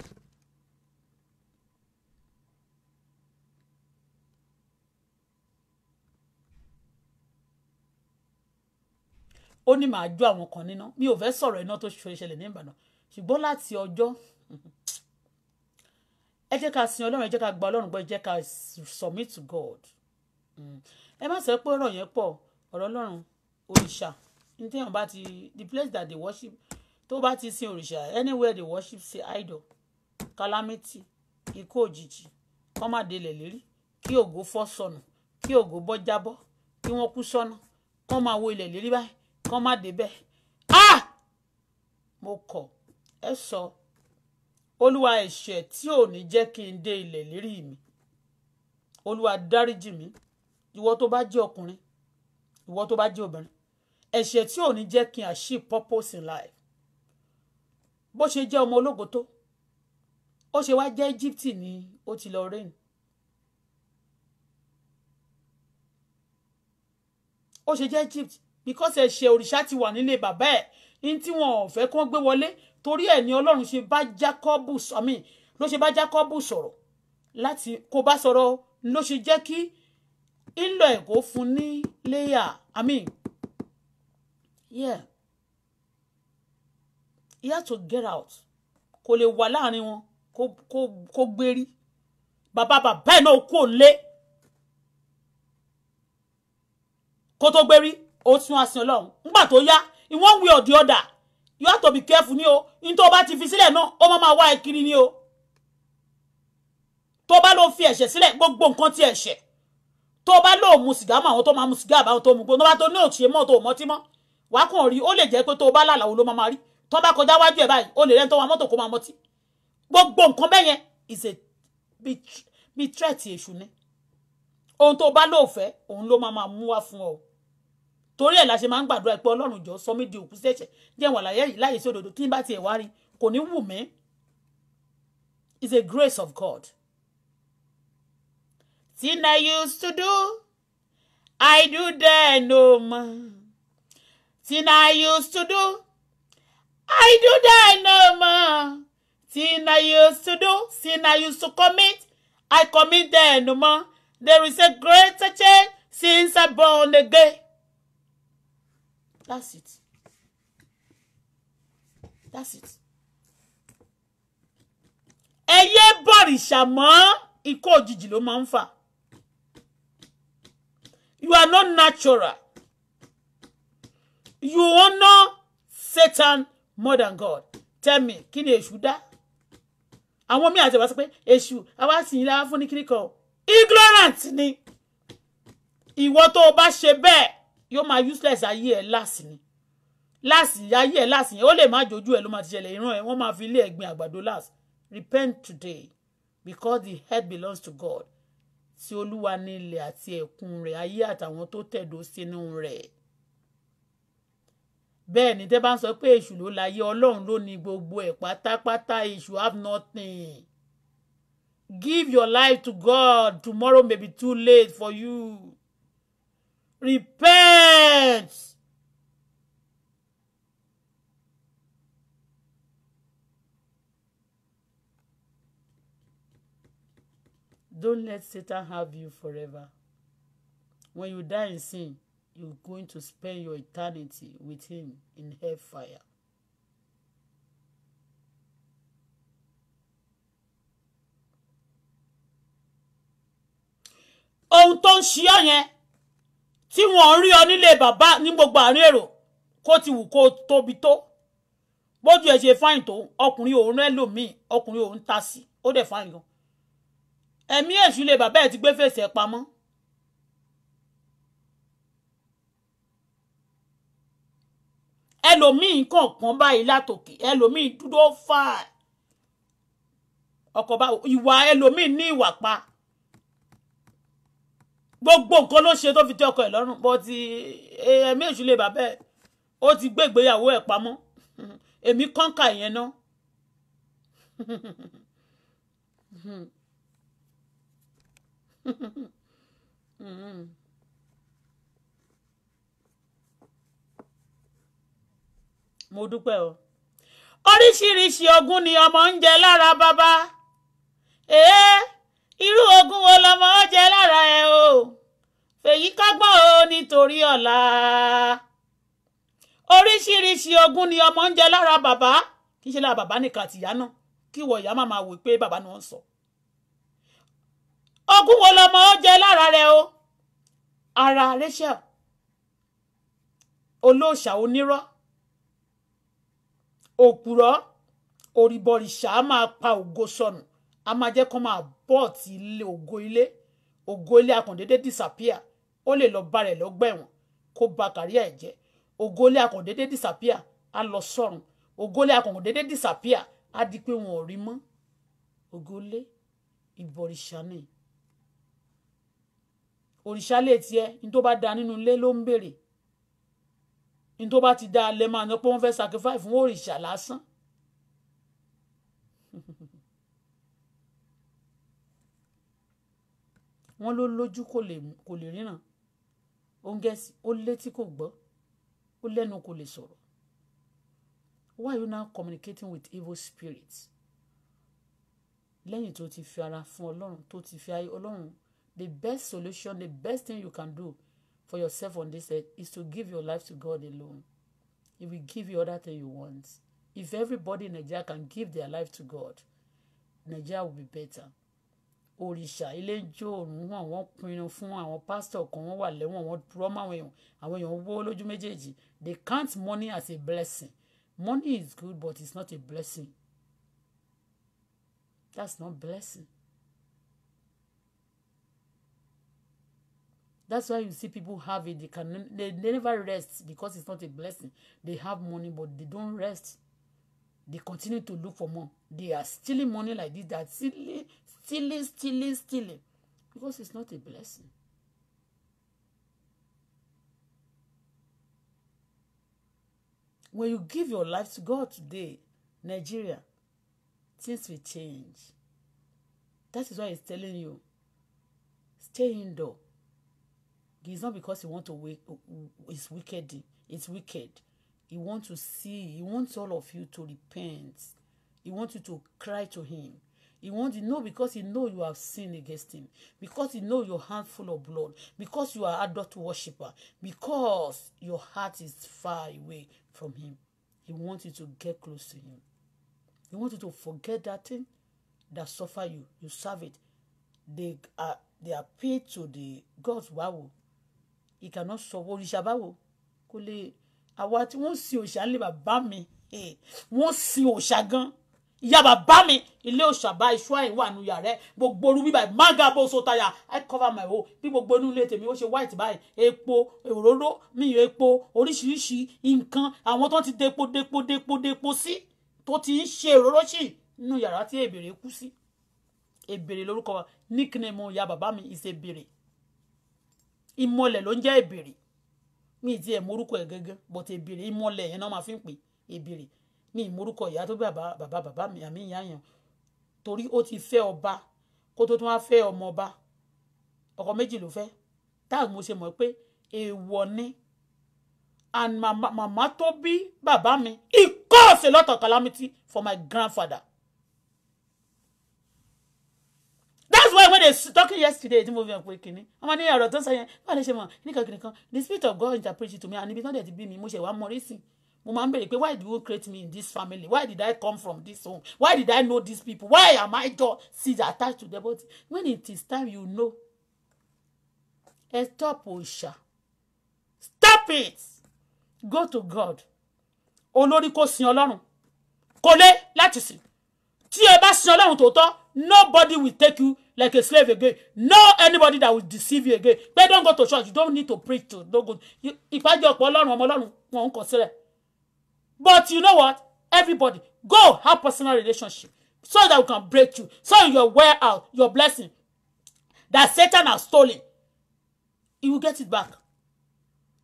ó ní màá jó àwọn kan níná mi ò fẹ́ sọ̀rọ̀ iná tó ṣẹlẹ̀ ní Ìbàdàn ṣùgbọ́n láti ọjọ́ ẹ jẹ́ ká sin Ọlọ́run ẹ jẹ́ ká gba Ọlọ́run gbọ́ ẹ jẹ́ ká submit to God hmm. ẹ má sọ pé ọ̀rọ̀ yẹn pọ̀ ọ̀rọ̀ Ọlọ́run òrìṣà ní téèyàn bá ti the place that they worship tó bá ti sin òrìṣà anywhere they worship say idol calamity ikú òjijì kọ́ má delẹ̀ lérí kí ògo fọ́ sọnù kí ògo bọ́ jábọ́ kí wọ́n kú sọ́nà kọ́ máa wo ilẹ̀ lérí báyìí kán má débẹ̀ ah mo kọ̀ ẹ sọ olúwa ẹ̀ṣẹ̀ tí ò ní jẹ́ kí n dé ilẹ̀ lérí mi olúwa dáríjì mi ìwọ tó bá jẹ́ ọkùnrin ìwọ tó bá jẹ́ obìnrin ẹ̀ṣẹ̀ tí ò ní jẹ́ kí n achieve purpose in life bó ṣe jẹ́ ọmọ ológo tó ó ṣe wá jẹ́ Egypt ni ó ti lọ rẹ́ni ó ṣe jẹ́ Egypt because ẹ̀ṣẹ̀ òrìṣà ti wà nílé bàbá ẹ̀ ní tí wọn ò fẹ́ kí wọ́n gbé wọlé torí ẹ̀ ni ọlọ́run ṣe bá Jákọ́bù àmì ló ṣe bá Jákọ́bù sọ̀rọ̀ láti kó bá sọ̀rọ̀ ló ṣe jẹ́ kí ńlọ ẹ̀ kó fún ní léyà àmì yeah he had to get out kò lè wà láàrin wọn kó kó kó gbérí bàbá bàbá ẹ̀ náà kò lé kó tó gbérí ó tún wá sin ọlọ́run nígbà tó yá in one way or the other you have to be careful ni o in tó o bá ti fi sílẹ̀ náà ó máa máa wá ẹ kiri ni o tó bá lọ fi ẹ̀ṣẹ̀ sílẹ̀ gbogbo nǹkan ti ẹ̀ṣẹ̀ tó o bá lọ mu sìgá mọ àwọn tó máa mu sìgá àbáwọn tó mu gbó nígbà tó ní òtún yẹn mọ́ tó mọ́ tí mọ́ wàá kàn rí ó lè jẹ́ pé tó o bá lálàó ló máa máa rí tó o bá kọjá wájú ẹ̀ báyìí ó lè rẹ́ni tó wa mọ́tò kó máa mọ́tí gbogbo nǹkan bẹ́ẹ̀ yẹn is a bi threat èṣù ni ohun tó o bá lọ fẹ́ òun ló máa máa mú wá fún ọ torí ẹ̀ la ṣe máa ń gbàdúrà pé ọlọ́run jọ sọ mí di òkú sẹ̀ṣẹ̀ jẹ́ wà láyé yìí láyé sí òdodo tí n bá tiẹ̀ wá rí kò ní wù mí is a grace of God. Thing I used to do, I do then no more. Thing I used to do, I do then no more. Thing I used to do, sin I used to commit, I commit then no more. There is a greater change since I born again that's it that's it. ẹ yé bọ̀rìṣà mọ́ ikọ́ òjijì ló máa ń fà you are not natural you honor Satan more than God tell me kí ni èṣù dá àwọn míì àti ìwà sọ pé èṣù àwa sì yín lára fún ní kíríkọ ignorant ni ìwọ tó o bá ṣe bẹ́ẹ̀ yóò máa useless ayé ẹ̀ láàsì ni láàsì ayé ẹ̀ láàsì yẹn ó lè má jojú ẹ̀ ló máa ti ṣẹlẹ̀ ìran ẹ̀ wọ́n máa fi ilé ẹ̀gbin àgbàdo láàsì repent today because the head belongs to God tí olúwa ní ilẹ̀ àti ẹ̀kún rẹ̀ ayé àtàwọn tó tẹ̀dó sínú rẹ̀ bẹ́ẹ̀ ni tẹ́ bá ń sọ pé èṣù ló láyé ọlọ́run ló ní gbogbo ẹ̀ pátápátá èṣù have nothing give your life to God tomorrow may be too late for you. Repent. Don't let Satan have you forever. When you die in sin, you're going to spend your eternity with him in hellfire. ohun tó ń ṣe ọ yẹn tí wọ́n ń rí ọ nílé bàbá ní gbogbo àárín èrò kó ti wù kó tóbi tó bójú ẹ ṣe fáìn tó ọkùnrin òun rẹ lòmíì ọkùnrin òun ta sí ó dẹ̀ fáìn gan ẹ̀mí èṣù lè bàbá ẹ̀ ti gbé fèsì ẹ̀ pamọ́ ẹlòmíì kọ̀ọ̀kan báyìí látòkè ẹlòmíì dúró fà ọkọ̀ bá ìwà ẹlòmíì ní ìwà pa gbogbo nkan lo se to fi te oko e lorun bo ti e mi osule o ti gbegbe yawo e pamo emi konka yen na mo dupe ogun ni omo nje lara baba eh irú ogun wo lọmọ ọ jẹ lára ẹ o fèyí kágbọ́ o nítorí ọ̀la oríṣiríṣi ogun ni ọmọ ń jẹ lára bàbá kì í ṣe lára bàbá nìkan àtìyá náà kí ìwọ ìyá máa wò pé bàbá náà ń sọ ogun wo lọmọ ọ jẹ lára rẹ o ara Rachel olóòṣà onírọ́ òpùrọ́ òrìbọ̀rìṣà máa pa ògo sọnù a máa jẹ́ kó máa bọ́ ti ilé ògo ilé ògo ilé akàndédé disappear ó lè lọ bá rẹ̀ lọ́gbà ẹ̀wọ̀n kó ba kàríà ẹ̀ jẹ́ ògo ilé akàndédé disappear á lọ sọ́run ògo ilé akàndédé disappear á di pé wọn ò rí mọ́ ògo ilé ìbọ̀rìṣà ni òrìṣà lè tiẹ̀ ní tó bá da nínú ilé ló ń béèrè ní tó bá ti da lẹ́ máa ná pé wọ́n fẹ́ sacrifice fún òrìṣà lásán wọ́n ló lójú kò lè ríran ó ń gẹ̀ẹ́sì ó létí kò gbọ́ ó lẹ́nu kò lè sọ̀rọ̀ why you now communicating with evil spirits lẹ́yìn tó ti fi ara fún ọlọ́run tó ti fi ayé ọlọ́run the best solution the best thing you can do for yourself on this earth is to give your life to God alone he will give you other thing you want if everybody in Nigeria can give their life to God Nigeria will be better òrìṣà ilé ń jó òrùn hàn wọ́n pinnu fún àwọn pásítọ̀ kan wọ́n wà lẹ́wọ̀n wọ́n rọ́mọ àwọn èèyàn àwọn èèyàn wó lójú méjèèjì they count money as a blessing money is good but it's not a blessing that's not blessing that's why you see people have it they can they never rest because it's not a blessing they have money but they don't rest. They continue to look for more. They are stealing money like this. They are stealing, stealing, stealing, stealing. Because it's not a blessing. When you give your life to God today, Nigeria, things will change. That is why he's telling you, stay indoor. It's not because you want to wake, it's wicked. It's wicked. He wants to see, He wants all of you to repent. He wants you to cry to Him. He wants to know because He know you have sinned against Him, because He know your hand full of blood, because you are adult worshiper. because your heart is far away from Him. He wants you to get close to Him. He wants you to forget that thing that suffer you. You serve it. They are they appeal to the gods. Wow, he cannot solve. Orishabawo, kule àwa tí wọ́n sin òòṣà ńlẹ̀ bàbá mi eh, wọ́n sin òòṣà gan ìyá bàbá mi ilé òòṣà bá iṣu àyè wà nù yàrá gbogbo orú bíbá mága bó so taya i cover my hole bí gbogbo inú ilé tèmi ó ṣe white báyìí epo òróró míì epo oríṣiríṣi nǹkan àwọn tó ti depo depo depo depo sí tó ti ń ṣe òróró sí nínú yàrá tí èbèrè kú sí èbèrè lórúkọ nickname ìyá bàbá mi is èbèrè ìmọ̀lẹ̀ ló ń jẹ́ èbèrè mi di ẹ̀ morúkọ ẹ̀ gángan but èbèrè ìmọ̀lẹ̀ ẹ̀ náà ma fi ń pè èbèrè mi ìmorúkọ ìyá tó bí bàbá bàbá bàbá mi àmì ìyá yẹn torí ó ti fẹ́ ọba kó tó tún wá fẹ́ ọmọ ọba ọkọ méjì ló fẹ́ táà mo ṣe mọ̀ pé èèwọ̀ ni and màmá tó bí bàbá mi it caused a lot of calamity for my grandfather that's why when they talking yesterday tí mo fi hàn pé kínní ọmọ ní ọ̀rọ̀ tó ń sọ yẹn báwo lè ṣe mọ̀ nìkan the spirit of God interpret to me and ibi tán dẹ̀ ti bí mi mo ṣe wá mọ rísìn mo máa ń béèrè pé why did you create me in this family why did I come from this home why did I know these people why am I just sit attached to them but when it is time you know ẹ stop òòṣà stop it go to God olórí kò sin ọlọ́run kò lé láti sìn tí ẹ bá sin ọlọ́run tòótọ́ nobody will take you like a slave again no anybody that will deceive you again pé don't go to church you don't need to preach to don't go ìpàjọ ọ̀pọ̀ ọlọ́run ọmọ ọlọ́run wọn ń kọ sílẹ̀ but you know what everybody go have personal relationship so that we can break you so your wear out your blessing that Satan has stolen he will get it back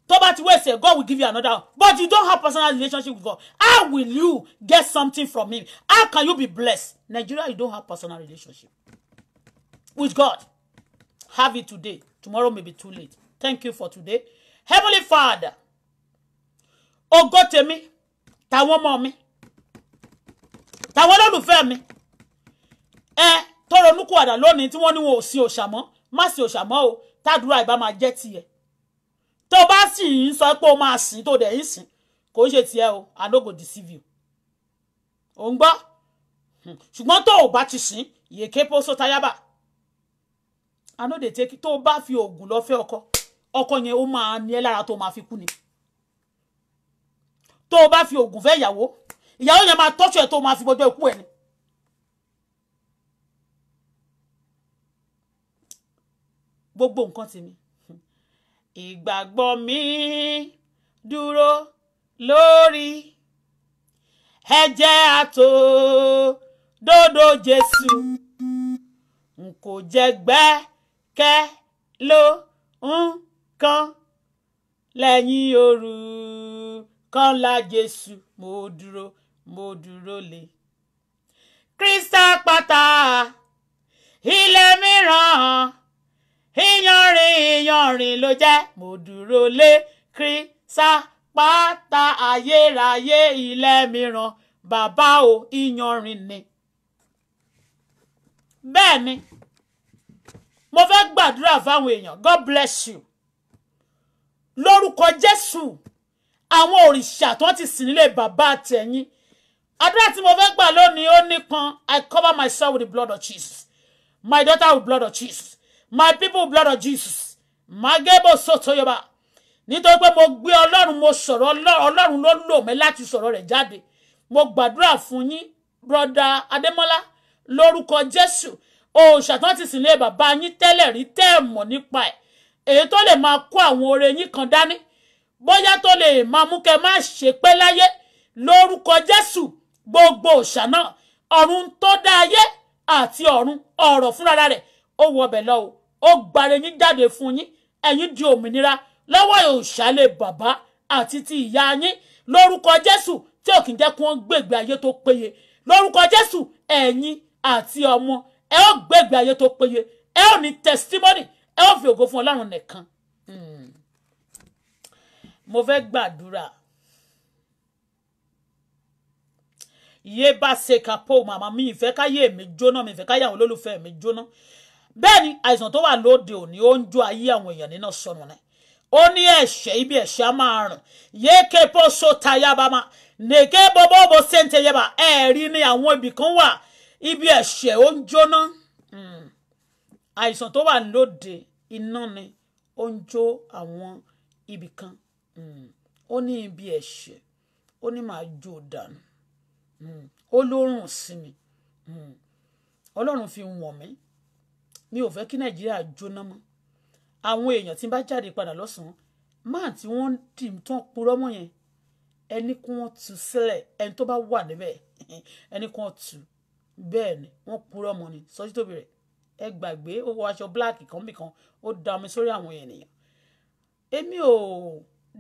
tó will say God will give you another but you don't have personal relationship with God how will you get something from him how can you be blessed Nigeria you don't have personal relationship with God. Have it today. Tomorrow may be too late. Thank you for today. Heavenly Father, Oh God, tell me, tell one olólùfẹ́ mi, ẹ tó ronúkúwàdà lónìí tí wọ́n ní wọn ò sí òòṣà mọ́, má sí òòṣà mọ́ o, tàdúrà ìbá máa jẹ́ tiẹ̀. Tó bá sì ń sọ pé o máa sìn tó dẹ̀ ń sìn, kò ń ṣe tiẹ̀ o, I no go deceive you. Ò ń gbọ́? Ṣùgbọ́n tó o bá ti sìn, yèké pósó tayábà. i no dey take bá fi oògùn lo fe ọkọ ọkọ yẹn o ma ní ẹ ma fi kú ni tó o bá fi oògùn fe ìyàwó ìyàwó yẹn ma tọ́jú ẹ tó ma fi bojo iku e ni. gbogbo nkan ti mi ìgbàgbọ́ mi dúró lórí ẹjẹ àtò dodo Jesu n kò jẹgbẹ́ kẹ́ ló ń kán lẹ́yìn òru kọ́ńlá jésù mo dúró mo dúró lé. kírísítà pátá ilé mìíràn iyanrìn iyanrìn ló jẹ́ mo dúró lé kírísítà pátá ayérayé ilé mìíràn bàbá o iyanrìn ni. bẹ́ẹ̀ ni mo fẹ́ gbàdúrà fáwọn èèyàn god bless you lórúkọ jésù àwọn òrìṣà tó ti sìn nílé bàbá àtẹ̀yìn àdúrà tí mo fẹ́ gbà lónìí ó nìkan i cover myself with the blood of jesus my daughter with blood of jesus my people with blood of jesus magebo sotoyoba nítorí pé mo gbé ọlọ́run mo sọ̀rọ̀ ọlọ́run ló lò mí láti sọ̀rọ̀ rẹ̀ jáde mo gbàdúrà fún yín broda adémọ́lá lórúkọ jésù òòṣà tó ti sìn lé bàbá yín tẹ́lẹ̀ rí tẹ́ ẹ̀ mọ̀ nípa ẹ̀ èyí tó lè máa kó àwọn oore yín kan dání bóyá tó lè máa mú kẹ́ má ṣe pé láyé lórúkọ Jésù gbogbo òòṣà náà ọ̀run tó dá ayé àti ọ̀run ọ̀rọ̀ fúnra rẹ̀ ó wọ ọbẹ̀ lọ o ó gbàre yín jáde fún yín ẹ̀yin di òmìnira lọ́wọ́ òòṣà bàbá àti ti ìyá yín lórúkọ Jésù tí ò kì í jẹ́ kí wọ́n gbègbè ayé tó péye lórúkọ Jésù ẹ̀yin àti ọmọ ẹ ó gbẹ̀gbẹ̀ ayé tó péye ẹ ó ní testimony ẹ ó fi ògo fún ọlọ́run nìkan. Hmm. mo fẹ́ gbàdúrà yé bá ṣe kápó màmá mi ìfẹ́ káyé mi jóná mi ìfẹ́ káyé àwọn olólùfẹ́ mi jóná bẹ́ẹ̀ ni àìsàn tó wà lóde òní ó ń jó ayé àwọn èèyàn nínú sọnù náà ó ní ẹ̀ṣẹ̀ ibi ẹ̀ṣẹ̀ á máa rùn yéèké bó so tayaba ma nèké bọ́bọ́ bó ṣe ń tẹyẹba ẹ̀ẹ́rí ni àwọn ibì kan wà ibi ẹ̀ṣẹ̀ ó ń jóná hmm. àìsàn tó wà lóde iná ni ó ń jó àwọn ibì kan hmm. ó ní ibi ẹ̀ṣẹ̀ ó ní màá jó dànù hmm. ó lórùn sí mi ọlọ́run fi wọ̀n mí mi ò fẹ́ kí nàìjíríà jóná mọ́ àwọn èèyàn tí ń bá jáde padà lọ́sàn-án máà tí wọ́n dì tán purọ́ mọ́ yẹn ẹni kí wọ́n tú sílẹ̀ ẹni tó bá wà níbẹ̀ ẹni kí wọ́n tú bẹ́ẹ̀ ni wọ́n purọ́ mọ́ ni sọjí tóbi rẹ̀ ẹ gbàgbé ó wọ aṣọ black kan bì kan ó da omi sórí àwọn ènìyàn èmi ò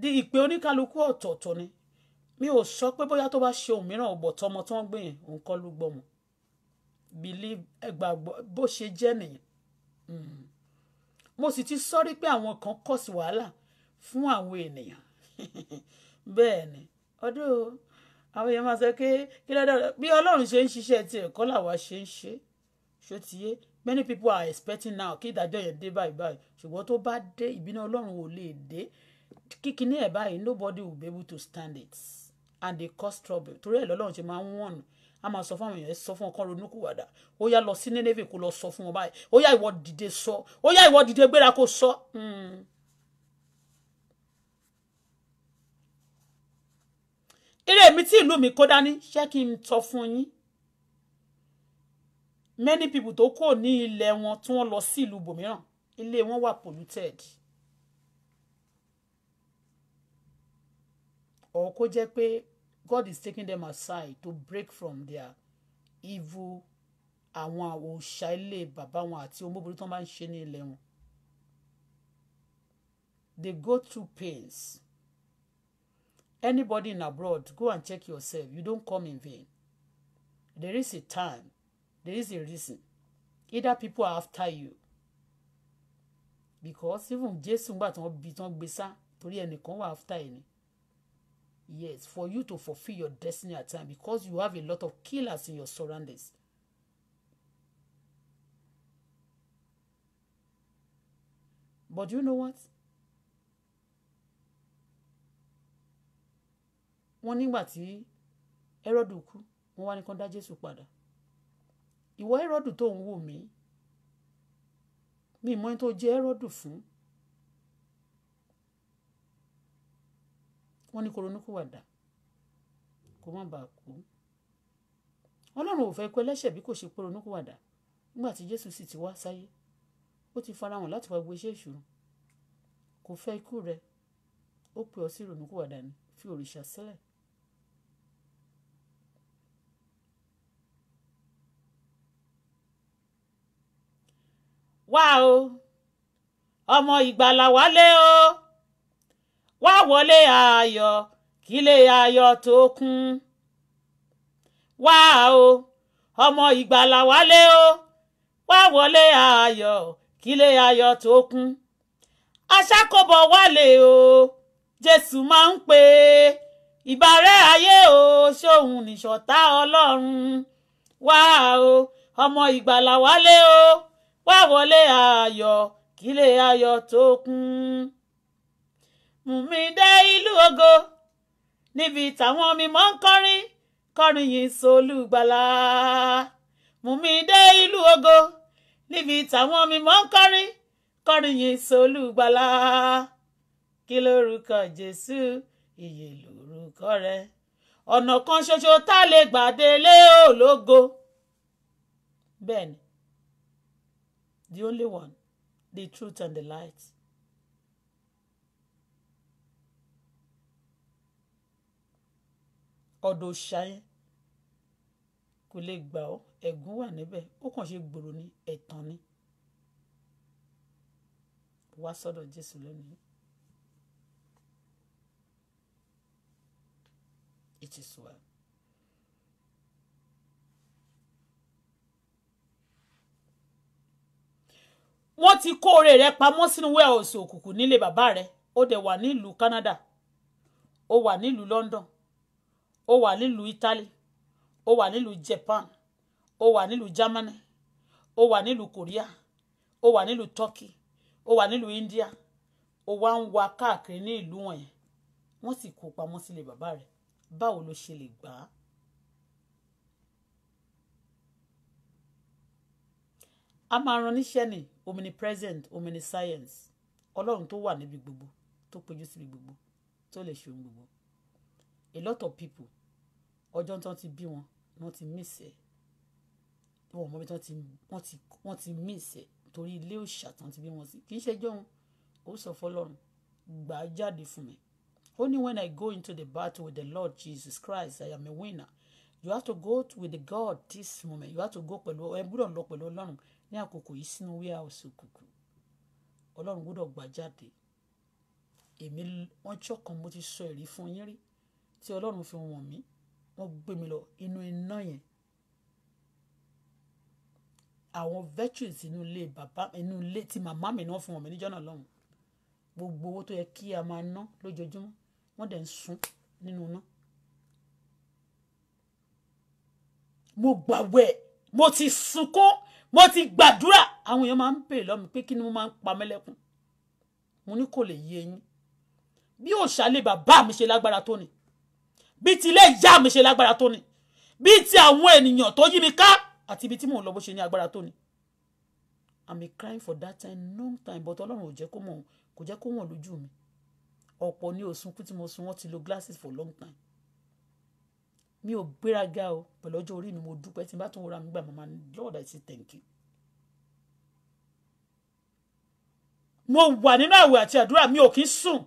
di ìpè oníkálukú ọ̀tọ̀ọ̀tọ̀ ni mi ò sọ pé bóyá tó bá ṣe òun mìíràn ọ̀bọ̀ tọmọ tó ń gbé yẹn òun kọ́ ló gbọ́mọ believe ẹ gbàgbọ́ bó ṣe jẹ́ nìyẹn hmm. mo sì ti sọ́rí pé àwọn kan kọ̀ sí wàhálà fún àwọn ènìyàn bẹ́ẹ̀ ni ọdún àwọn èèyàn máa sọ pé kí lọ́dọ̀ bí ọlọ́run ṣe ń ṣiṣẹ́ tiẹ̀ kọ́ làwa ṣe ń ṣe ṣòtìyé many people are expecting now kí ìdájọ́ yẹn dé báyìí báyìí ṣùgbọ́n tó bá dé ìbínú ọlọ́run ò lè dé kíkiní ẹ̀ báyìí nobody will be able to stand it and they cause trouble torí ẹ̀ lọ́lọ́run ṣe máa ń wọ̀nù a máa sọ fún àwọn èèyàn sọ fún ọkàn ronúkúwàdà ó yá lọ sí Nénéfè kó lọ sọ fún wọn báyìí ó yá ìwọ dìde sọ ó yá ìwọ dìde gbéra kó sọ. Hmm. ire mi tí ìlú mi kó dání ṣé kí n tọ́ fún yín many people tó kò ní ilẹ̀ wọn tí wọ́n lọ sí ìlú bòmíràn ilé wọn wà polluted or kó jẹ́ pé God is taking them aside to break from their evil àwọn òòṣà ilé bàbá wọn àti omóborí tó máa ń ṣe ní ilé wọn they go through pains Anybody in abroad, go and check yourself. You don't come in vain. There is a time, there is a reason. Either people are after you. Because even Jésù ńgbà tí wọ́n bí tí wọ́n gbé sá torí ẹnìkan wà after ẹni. Yes, for you to fulfill your destiny at time because you have a lot of killers in your surroundings. But you know what? wọ́n nígbà tí Hẹ́rọ́dù kú wọ́n wá ní kán dá Jésù padà ìwọ Hẹ́rọ́dù tó ń wò mí mi ìmọ̀ ẹni tó jẹ́ Hẹ́rọ́dù fún wọ́n ní koronúkúwàdà kó má bàa kú Ọlọ́run ò fẹ́ kú ẹlẹ́ṣẹ̀ bí kò ṣe koronúkúwàdà nígbà tí Jésù sì ti wá sáyé ó ti farahàn láti wá gbé iṣẹ́ ìṣòro kò fẹ́ ikú rẹ ó pè ọ sí ìrònúkúwàdà ni fi òrìṣà sílẹ̀ wá o ọmọ ìgbàlà wálé o wá wọlé ayọ̀ kílé ayọ̀ tó kún wá o ọmọ ìgbàlà wálé o wá wọlé ayọ̀ kílé ayọ̀ tó kún aṣàkóbọ̀ wálé o jésù máa ń pè é ìbàrẹ́ ayé o ṣóhun nìṣọ̀tá ọlọ́run wá o ọmọ ìgbàlà wálé o wá wọlé ayọ̀ kílé ayọ̀ tó kún. mú mi dé ìlú ògo níbi táwọn mímọ́ ń kọrin kọrin yìí solúgbàlà. mú mi dé ìlú ògo níbi táwọn mímọ́ ń kọrin kọrin yìí solúgbàlà. kí lórúkọ Jésù ìyè lórúkọ rẹ̀ ọ̀nà kan ṣoṣo tá a lè gbà délé ológo. bẹ́ẹ̀ the only one, the truth and the light. ọ̀dọ̀ òṣà yẹn kò lè gbà ọ́ ẹ̀gún wà níbẹ̀ ó kàn ṣe gbòòrò ní ẹ̀tàn ni wá sọ́dọ̀ Jésù lónìí. It is well. wọ́n ti kó oore rẹ pamọ́ sínú wẹ́ẹ̀sì òkùnkùn nílé bàbá rẹ ó dẹ̀ wà nílùú Canada ó wà nílùú London ó wà nílùú Italy ó wà nílùú Japan ó wà nílùú Germany ó wà nílùú Korea ó wà nílùú Turkey ó wà nílùú India ó wá ń wa káàkiri ní ìlú wọn yẹn wọ́n sì kó pamọ́ sílé bàbá rẹ báwo ló ṣe lè gbà á. a máa ran níṣẹ́ nìyí omnipresent omniscience ọlọ́run tó wà níbi gbogbo tó péjú síbi gbogbo tó lè ṣe ohun gbogbo a lot of people ọjọ́ tí wọ́n ti bí wọn ni wọ́n ti miss ẹ̀ wọn mọ̀ bí wọ́n ti miss ẹ̀ torí ilé òòṣà tí wọ́n ti bí wọn sí kì í ṣe jọ́hun ó sọ fọlọ́run gbà á jáde fún mi ó ní when I go into the battle with the Lord Jesus Christ I am a winner you have to go with the God this moment you have to go pẹ̀lú ẹ gbúdọ̀ lọ pẹ̀lú ọlọ́run ní àkókò yìí sínú warehouse òkùnkùn ọlọ́run gbọ́dọ̀ gbà jáde èmi wọ́n jọ́ kan mo ti sọ ẹ̀rí fún yín rí tí ọlọ́run fi wọ̀n mí wọ́n gbé mi lọ inú iná yẹn àwọn veterans inú ilé bàbá inú ilé tí màmá mi náà fún wọn mi níjọ́ náà lọ́hùn gbogbo owó tó yẹ kí a máa ná lójoojúmọ́ wọ́n dẹ̀ ń sun nínú iná. mo gbàwẹ̀ mo ti sunkún mo ti gbàdúrà àwọn èèyàn máa ń pè lọ́mi pé kí ni mo máa ń pa mẹ́lẹ́kùn mo ní kò lè yé yín bí òṣàlẹ̀ bàbá mi ṣe lágbára tó ni bí ti ilé ìyá mi ṣe lágbára tó ni bí ti àwọn ènìyàn tó yí mi ká àti ibi tí mò ń lọ bó ṣe ní agbára tó ni i'm been crying for that time long time but ọlọ́run ò jẹ́ kó mọ̀ kò jẹ́ kó wọ̀n lójú mi ọ̀pọ̀ ni òsunkún tí mo sun wọ́n ti lo glasses for long time mi ò gbéraga o pẹ̀lú ọjọ́ orí mi mo dúpẹ́ tí n bá tún wọra mi gbà màmá lọ́ọ̀dà sí tẹ̀ǹkì. mo wà nínú àwẹ̀ àti àdúrà mi ò kí ń sùn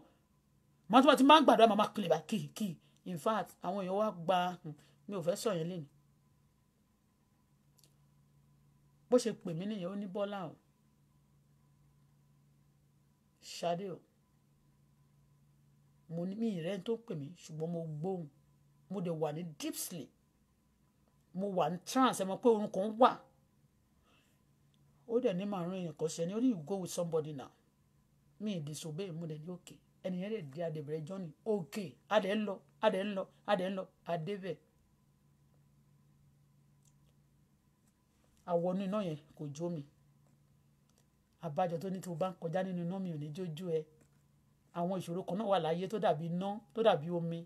màá tó bá ti máa ń gbàdúrà màmá kìlìbà kìkì in fact àwọn èèyàn wá gba hmm, mi ò fẹ́ sọ yẹn lẹ́nu. bó ṣe pè mí nìyẹn ó ní bọ́lá o ṣadé o mo ní mi ìrẹ́ tó pè mí ṣùgbọ́n mo gbóhùn mo de wà ní deep sleep mo wà ní trance ẹ mọ̀ pé orun kan wà ó dẹ̀ ní màá rìn nǹkan ṣe ni ó ní you go with somebody now mi ì disobey mo de ní òkè ẹnìyẹn dẹ̀ di adẹ̀bẹ̀rẹ̀ journey òkè adẹ̀ ń lọ adẹ̀ ń lọ adẹ̀ ń lọ adébẹ̀ àwọnú iná yẹn kò jó mi àbájọ tó ní tí o bá ń kọjá nínú iná mi ò ní jójú ẹ àwọn ìṣòro kan náà wà láyé tó dàbí iná tó dàbí omi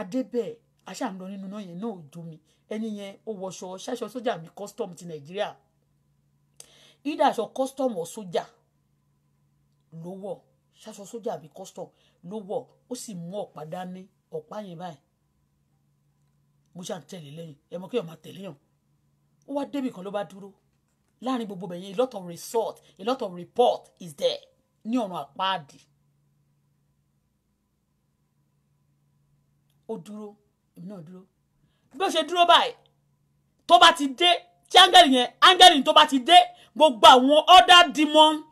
adé bẹ́ẹ̀ aṣáà ń lọ nínú náà yẹn náà ò jó mi ẹni yẹn ó wọṣọ ṣáṣọ sójà mi custom ti nàìjíríà ìdá aṣọ custom ọ̀ sójà ló wọ̀ ṣáṣọ sójà àbí custom ló wọ̀ ó sì mú ọ̀pá dání ọ̀pá yẹn báyìí mo ṣáà ń tẹ̀lé lẹ́yìn ẹ mọ̀ kí ọ̀ tẹ̀lé yàn ó wá débì kan ló bá dúró láàrin gbogbo bẹ̀yẹn a lot of result, a lot of report is there ní ọ̀nà àpáàdì ó dúró èmi náà dúró bí ó ṣe dúró báyìí tó bá ti dé tí áńgẹ́lì yẹn áńgẹ́lì tó bá ti dé gbogbo àwọn other demon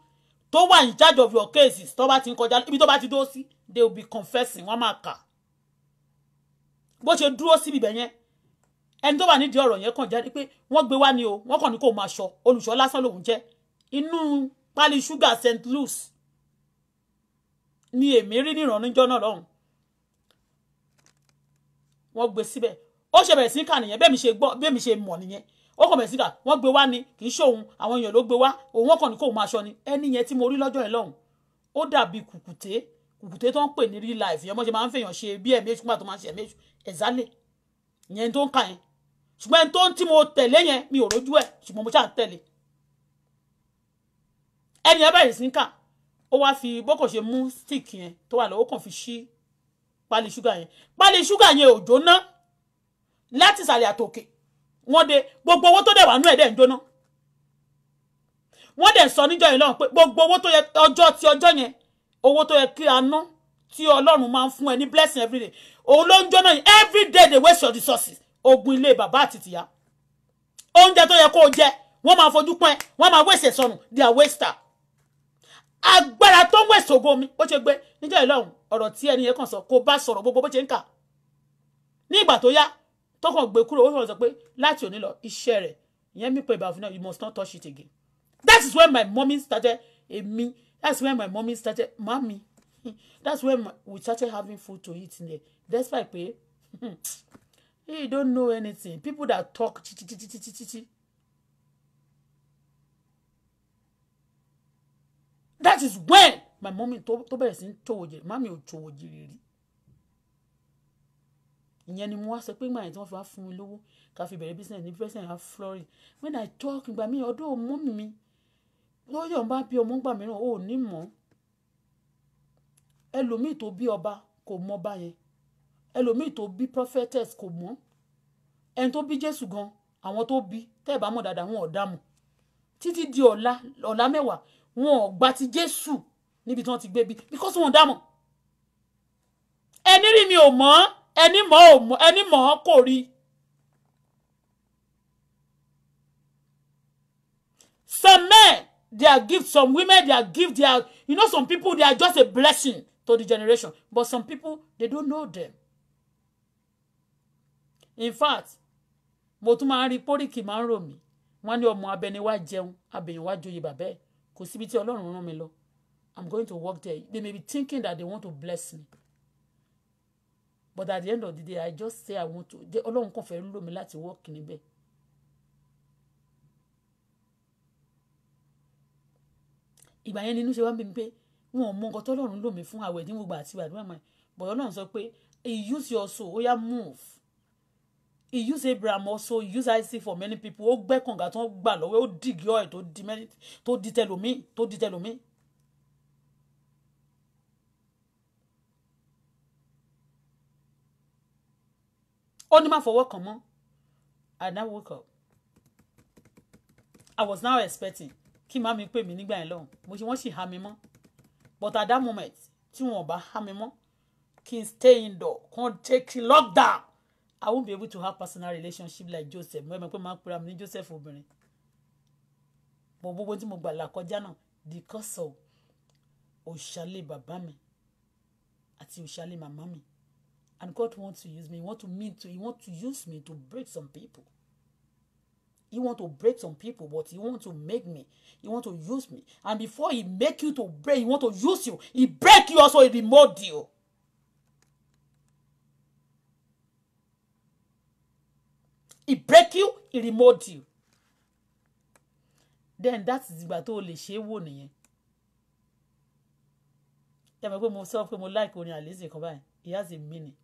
tó wà in charge of your cases tó bá ti ń kọjá ibi tó bá ti dúró sí they will be confessing wọ́n máa kà bó ṣe dúró síbi ibẹ̀ yẹn ẹni tó wà nídìí ọ̀rọ̀ yẹn kàn jáde pé wọ́n gbé wá ni o wọ́n kàn ní kó máa ṣọ olùṣọ́ lásán lòun jẹ́ inú pálí sugar st louis ni èmi rí nìrànlọ́jọ́ náà lọ́hùn-ún wọ́n gbé síbẹ̀ ó ṣe bẹ̀rẹ̀ sí kà nìyẹn bẹ́ẹ̀ mi ṣe gbọ́ bẹ́ẹ̀ mi ṣe mọ̀ nìyẹn ó kàn bẹ̀rẹ̀ sí kà wọ́n gbé wá ni kì í ṣe òun àwọn èèyàn ló gbé wá òun wọ́n kàn ní kóun máa ṣọ ni ẹni yẹn tí mo rí lọ́jọ́ yẹn lọ́hùn ó dàbí kùkùté kùkùté tó ń pè ní real life yẹn mo ṣe máa ń fèèyàn ṣe bí ẹ̀mẹ́jù kúmà tó máa ń ṣe ẹ̀mẹ́jù ẹ̀zálẹ̀ yẹn tó ń kà yẹn ṣùgbọ́n ẹni tó ń tí mo tẹ̀lé yẹn mi ò rójú ẹ̀ ṣùgbọ́n mo ṣáà ń tẹ̀lé ẹni ẹ bẹ̀rẹ̀ sí kà ó wá fi bókò ṣe mú stick yẹn tó wà lọ́wọ́ kàn fi ṣí pálí sugar, yẹn pálí ṣúgà yẹn ò jóná láti ìsàlẹ̀ àtòkè wọ́n de gbogbo owó tó dẹ̀ wà nú ẹ̀ dẹ̀ ń jóná wọ́n dẹ̀ sọ níjọ́ yẹn lọ́run pé gbogbo owó tó yẹ ọjọ́ ti ọjọ́ yẹn owó tó yẹ kí a ná tí ọlọ́run máa ń fún ẹ ní blessing everyday òun ló ń jóná yẹn everyday they waste your resources ogun ilé bàbá àti tìyá oúnjẹ tó yẹ kó o jẹ wọ́n máa fojú pọ́n ẹ wọ́n máa wẹ̀sẹ̀ sọnù they are waster agbára tó ń wẹ̀sẹ̀ ògo mi ó ṣe gbé níjọ́ yẹn lọ́run ọ̀rọ̀ tí ẹni yẹn kàn sọ kò bá sọ̀rọ̀ gbogbo bó ṣe ń kà ní ìgbà tó yá tọkàn gbé kúrò ó sọ̀rọ̀ sọ pé láti òní lọ iṣẹ́ rẹ̀ ìyẹn mi pé ìbá òfin náà you must not touch it again that is when my mommy started èmi that's when my mommy started mami that's when my, we started having food to eat in there despite pé you don't know anything people that talk chichichichichichichi that is when my mommy tó bẹ̀rẹ̀ sí ń ṣòwò jèrè mami ò ṣòwò jèrè rí ìyẹn ni mo wá sọ pé ìgbà yẹn tí wọ́n fi wá fún mi lówó ká fi bẹ̀rẹ̀ business ní business yẹn flori when i talk ìgbà mi ọ̀dọ̀ mummy mi lọ́yọ̀ bá bí ọmọ gbà mìíràn ò ní mọ̀ ẹlòmíì tó bí ọba kò mọ ọba yẹn ẹlòmíì tó bí prophetess kò mọ̀ ẹni tó bí jésù gan àwọn tó bí tẹ́ ẹ̀ bá mọ̀ dáadáa wọn ò dá mọ̀ títí di ọ̀la ọ̀la mẹ́wàá wọn ò gba ti jésù níbi tí wọ́n ti gbé bí because wọ́n dámọ̀ ẹni rí mi ò mọ̀ ẹni mọ̀ ò mọ̀ ẹni mọ̀ kò rí. some men they are gift some women they are gift they are you know some people they are just a blessing to the generation but some people they don't know them in fact mo tún máa ń rí póríkì máa ń rò mí wọ́n ní ọmọ abẹniwá jẹun abẹniwá joyè bàbá ẹ kò síbi tí Ọlọ́run rán mi lọ I'm going to work there. They may be thinking that they want to bless me. But at the end of the day, I just say I want to. Ọlọ́run kàn fẹ́ lò mí láti work níbẹ̀. Ìgbà yẹn nínú ṣe wá ń pé wọn ò mọ nǹkan tọ́lọ́run lò fún àwẹ̀ ní gbogbo àti àdúrà But Ọlọ́run sọ pé he use your soul, ó yá move. He use Abraham also, Use I see for many people. Ó gbẹ́ kànga tó ń gbà lọ́wọ́, ó dìgì ọ̀ ẹ̀ tó di tẹlòmíì, tó di tẹlòmíì. ó ní má fọwọ́ kàn mọ́ I now woke up I was now expecting kí màmí pè mí nígbà yẹn lọ́hùn mo ṣe wọ́n sì há mi mọ́ but at that moment tí wọn ò bá há mi mọ́ kí n stay indoor kan take lockdown I won't be able to have personal relationship like Joseph mo mọ̀ pé màá pera mi ní Joseph obìnrin mo gbogbo tí mo gbà là kọjá náà because of òṣàlẹ̀ bàbá mi àti òṣàlẹ̀ màmá mi. And God wants to use me. He wants to mean to. He wants to use me to break some people. He wants to break some people, but he wants to make me. He wants to use me. And before he make you to break, he wants to use you. He break you also. He remold you. He break you. He remold you. Then that's the tó o lè Yeah. é wò nìyẹn. Ẹ mọ̀ pé you sọ pé mo like orin àlèsè He has a meaning.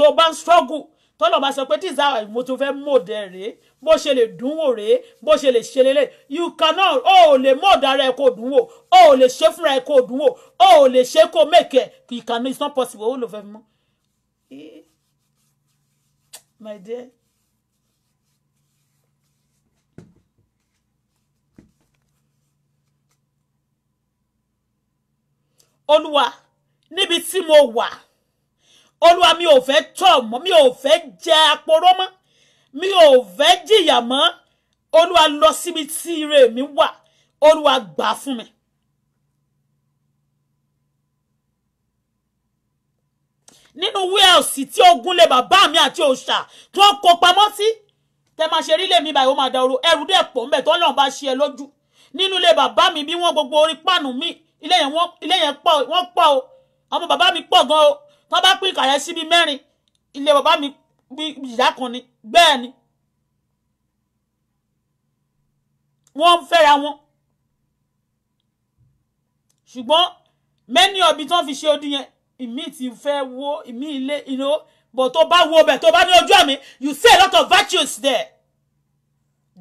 tó bá struggle tọ́lọ̀ bá sọ pé this is how mo tún fẹ́ mòdè rèé bó ṣe lè dùnwò rèé bó ṣe lè ṣe you cannot o ò lè mòdè ara ẹ̀ kó dùnwò o ò lè ṣe fúnra ẹ̀ kó dùnwò o ò lè ṣe kó mèkè you cannot it's not possible o lò fẹ́ my dear olúwa níbi tí mo wa olúwa mi ò fẹ́ tọ̀ mọ́ mi ò fẹ́ jẹ aporó mọ́ mi ò fẹ́ jìyà mọ́ olúwa lọ síbi tí ire mi wà olúwa gbà fún mi. nínú wíẹ̀sì tí ogun lè bàbá mi àti òòṣà tó ń kó pamọ́ sí tẹ máa ṣe rílẹ̀ mi báyìí ó máa da ẹrù dẹ̀ pọ̀ ńbẹ̀ tó lọ́n bá ṣe ẹ lójú nínú ilé bàbá mi bí wọ́n gbogbo orí páànù mi ilé yẹn wọ́n pọ̀ o ọmọ bàbá mi pọ̀ gan o tó bá pín ìkà yẹn síbi mẹ́rin ilé bàbá mi ìyá kan ni bẹ́ẹ̀ ni wọ́n ń fẹ́ra wọn ṣùgbọ́n mẹ́ni ọ̀bí tán fi ṣe odi yẹn ìmí ti fẹ́ wo ìmí ilé ìlú bọ̀ tó bá wo ọbẹ̀ tó bá ní ojú àmì you see a lot of virtues there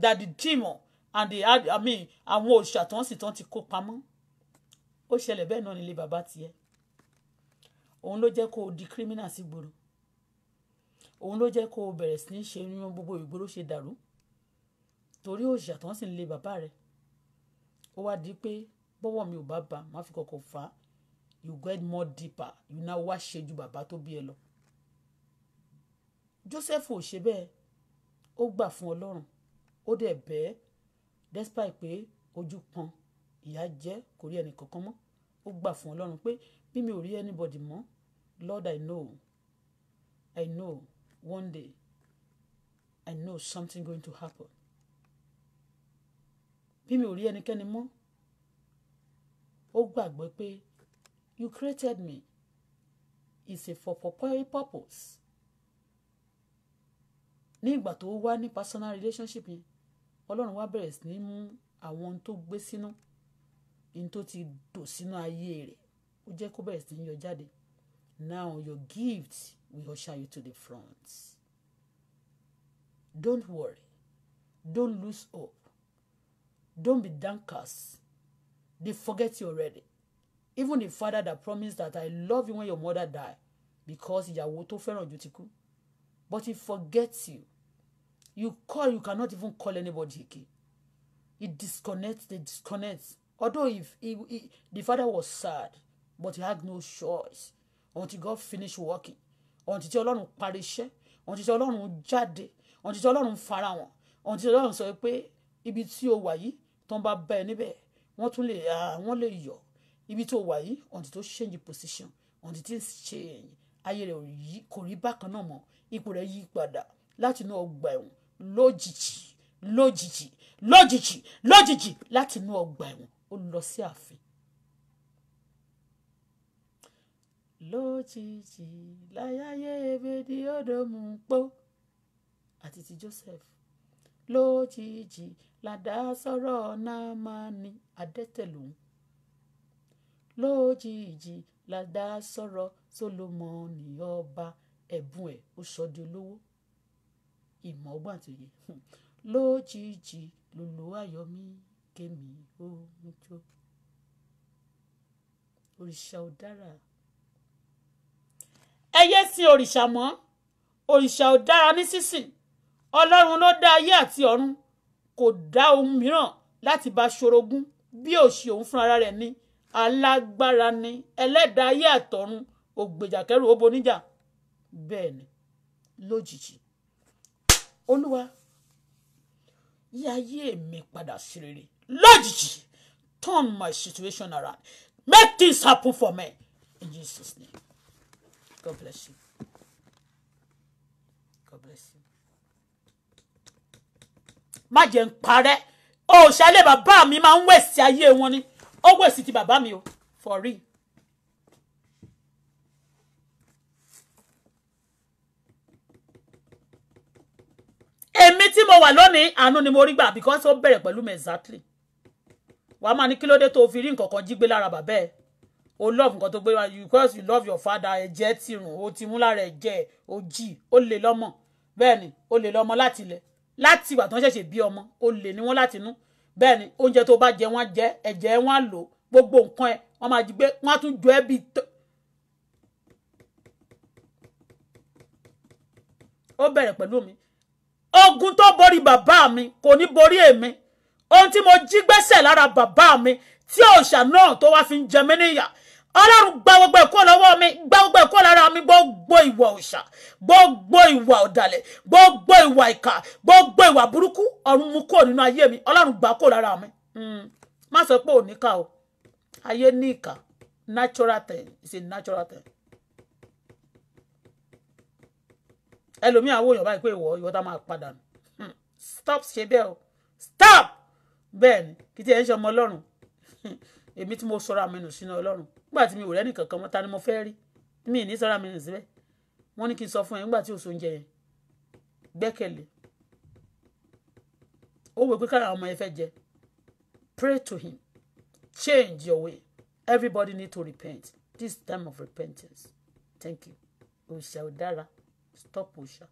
that the demon and the i mean àwọn òòṣà tán sì tán ti kó pamọ́ ó ṣẹlẹ̀ bẹ́ẹ̀ náà nílé bàbá tiẹ̀ òun ló jẹ́ kó o di criminal sí gbòòrò òun ló jẹ́ kó o bẹ̀rẹ̀ sí ní ṣe irun gbogbo ìgboro ṣe dàrú torí òòṣà tó ń sì le bàbá rẹ̀ ó wá di pé bọ́wọ́ mi ò bá bà má fi kọ̀kọ̀ fà á you get more deeper you now wá ṣe ju bàbá tó bí ẹ lọ. Joseph ò ṣe bẹ́ẹ̀ ó gbà fún Ọlọ́run ó dẹ̀ bẹ́ẹ̀ despite pé ojú pọ́n ìyà jẹ kò rí ẹnì kankan mọ́ ó gbà fún Ọlọ́run pé bí mi ò rí anybody mọ́ Lord I know I know one day I know something going to happen bí mi ò rí ẹnikẹ́ni mọ́ ó gbàgbọ́ pé you created me it's a for for purpose ní ìgbà tó wá ní personal relationship yẹn ọlọ́run wá bẹ̀rẹ̀ sí ní mú àwọn tó gbé sínú ní tó ti dò sínú ayé rẹ̀ ó jẹ́ kó bẹ̀rẹ̀ sí ń yọ jáde now your gift will usher you to the front don't worry don't lose hope don't be downcast they forget you already even the father that promised that I love you when your mother die because ìyàwó tó fẹ́ràn jù ti kú but he forgets you you call you cannot even call anybody again he disconnects they disconnect although if he, he, the father was sad but he had no choice until God finish working until tí ọlọ́run parí iṣẹ́ until tí ọlọ́run jáde until tí ọlọ́run fara wọn until tí ọlọ́run sọ pé ibi tí o wà yìí tó ń bá bá ẹ níbẹ̀ wọ́n tún lè wọ́n lè yọ ibi tó wà yìí until tó change position until tí change ayé rẹ̀ kò rí bákan náà mọ́ ipò rẹ̀ yí padà láti inú ọgbà ẹ̀wọ̀n lójijì lójijì lójijì lójijì láti inú ọgbà ẹ̀wọ̀n ó lọ sí ààfin lójijì láyáyé ebèdí òdòmù pọ̀ àti ti Joseph lójijì làdá sọ̀rọ̀ námánì adẹ́tẹ̀ lòun lójijì làdá sọ̀rọ̀ Sólómọ́nì ọba ẹ̀bùn ẹ̀ ó sọdí olówó ìmọ̀ ọgbọ́n àtòyè lójijì lòlò ayọ̀mí kémi ó ń jó òrìṣà ò ẹ yé sin òrìṣà mọ́ òrìṣà ò dára ní sísìn ọlọ́run ló dá ayé àti ọ̀run kò dá ohun mìíràn láti bá ṣorogún bí òṣì òun fúnra rẹ̀ ni alágbára ni ẹlẹ́dàá ayé àtọ̀run ògbèjàkẹ́rù ó boníjà bẹ́ẹ̀ ni lójijì olúwa yí ayé mi padà sí rere lójijì turn my situation around make things happen for me in Jesus name. God bless you. God bless you. Má jẹ́ ń parẹ́. Òṣèlè bàbá mi máa ń wẹ̀sì ayé wọn ni. Ó wẹ̀sì ti bàbá mi o. For real. èmi tí mo wà lónìí àánú ni mo rí gbà because ó bẹ̀rẹ̀ pẹ̀lú mi exactly wàá máa ní kí ló dé tó fi rí nǹkan kan jí gbé lára bàbá ẹ̀ o love nǹkan tó gbé wá you because you love your father ẹ̀jẹ̀ ti rùn o ti mú lára ẹ̀jẹ̀ o jì ó lè lọ́mọ bẹ́ẹ̀ ni ó lè lọ́mọ láti ilẹ̀ láti ìgbà tó ń ṣẹ̀ṣẹ̀ bí ọmọ ó lè ní wọ́n láti inú bẹ́ẹ̀ ni oúnjẹ tó bá jẹ wọ́n jẹ ẹ̀jẹ̀ wọn á lò gbogbo nǹkan ẹ̀ wọ́n máa jí gbé wọ́n á tún jọ ẹ́ bíi tó. ó bẹ̀rẹ̀ pẹ̀lú mi ogun tó borí bàbá mi kò ní borí èmi ohun tí mo jí gbẹ́sẹ̀ lára bàbá mi tí òòṣà náà tó wá fi ń jẹ mí níyà ọlọ́run gba gbogbo ẹ̀kọ́ lọ́wọ́ mi gba gbogbo ẹ̀kọ́ lára mi gbogbo ìwà òòṣà gbogbo ìwà ọ̀dàlẹ̀ gbogbo ìwà ìkà gbogbo ìwà burúkú ọ̀run mú kúrò nínú ayé mi ọlọ́run gbà kúrò lára mi hmm, má sọ pé ò ká o ayé ní ìkà natural thing is a natural thing. ẹlòmíì àwọn èèyàn báyìí pé ìwọ ìwọ tá máa padà nù hmm, stop ṣe bẹ́ẹ̀ o stop bẹ́ẹ̀ ni kí tí ẹ ń ṣe ọmọ ọlọ́run hmm, èmi tí mo sọra mi nù sínú ọlọ́run nígbà tí mi ò rẹ́nì kankan mọ́ ta ni mo fẹ́ rí mi ní sára mi rìn síbẹ̀ wọ́n ní kí n sọ fún ẹ nígbà tí òṣò ń jẹ yẹn gbẹ́kẹ̀lé ó wò pé kára ọmọ yẹn fẹ́ jẹ pray to him change your way everybody need to repent this time of repentance thank you òòṣà ò dára stop òòṣà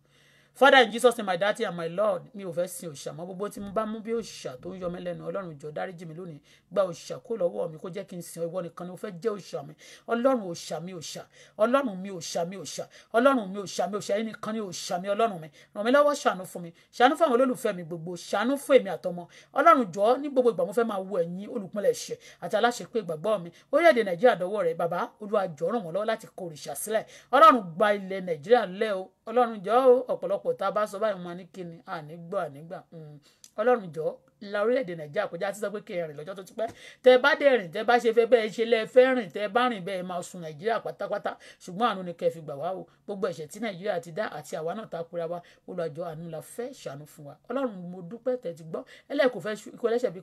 father in jesus name my daddy and my lord mi ò fẹ́ sin òṣìṣà mọ́ gbogbo tí mo bá mú bí òṣìṣà tó ń yọ mí lẹ́nu ọlọ́run jọ dáríjì mi lónìí gba òṣìṣà kó lọ́wọ́ mi kó jẹ́ kí n sin ìwọ nìkan ni mo fẹ́ jẹ́ òṣìṣà mi ọlọ́run òṣìṣà mi òṣìṣà ọlọ́run mi òṣìṣà mi òṣìṣà ọlọ́run mi òṣìṣà mi òṣìṣà yìí ni òṣìṣà mi ọlọ́run mi ràn mí lọ́wọ́ ṣàánú fún mi ṣàánú fún àwọn olólùfẹ́ mi gbogbo ṣàánú fún èmi àtọmọ ọlọ́run jọ ní gbogbo ìgbà mo fẹ́ máa wo ẹ̀yìn olùpínlẹ̀ ẹ̀ṣẹ̀ àti aláṣẹ ìgbàgbọ́ mi orílẹ̀-èdè nàìjíríà dọwọ́ rẹ̀ bàbá olúwa jọ ràn wọ́n lọ́wọ́ láti kó sílẹ̀ ọlọ́run gba ilẹ̀ nàìjíríà lẹ́ o ọlọ́run jọ̀ọ́ o ọ̀pọ̀lọpọ̀ tá a bá sọ báyìí wọn ní kíni ànígbọ́ ànígbà hmm. ọlọ́run jọ̀ọ́ la orílẹ̀-èdè nàìjíríà kọjá sísọ pé kẹrin lọ́jọ́ tó ti pẹ́ tẹ bá dẹ̀ rìn tẹ bá ṣe fẹ́ bẹ́ẹ̀ ṣe lẹ́ fẹ́ rìn tẹ bá rìn bẹ́ẹ̀ máa sun nàìjíríà pátápátá ṣùgbọ́n àánú ni kẹ́ fi gbà wá o gbogbo ẹ̀ṣẹ̀ tí nàìjíríà ti dá àti àwa náà ta kura wa olùwàjọ àánú la fẹ́ ṣàánú fún wa ọlọ́run mo dúpẹ́ tẹ ti gbọ́ ẹlẹ́kùn fẹ́ ikú ẹlẹ́ṣẹ̀ bí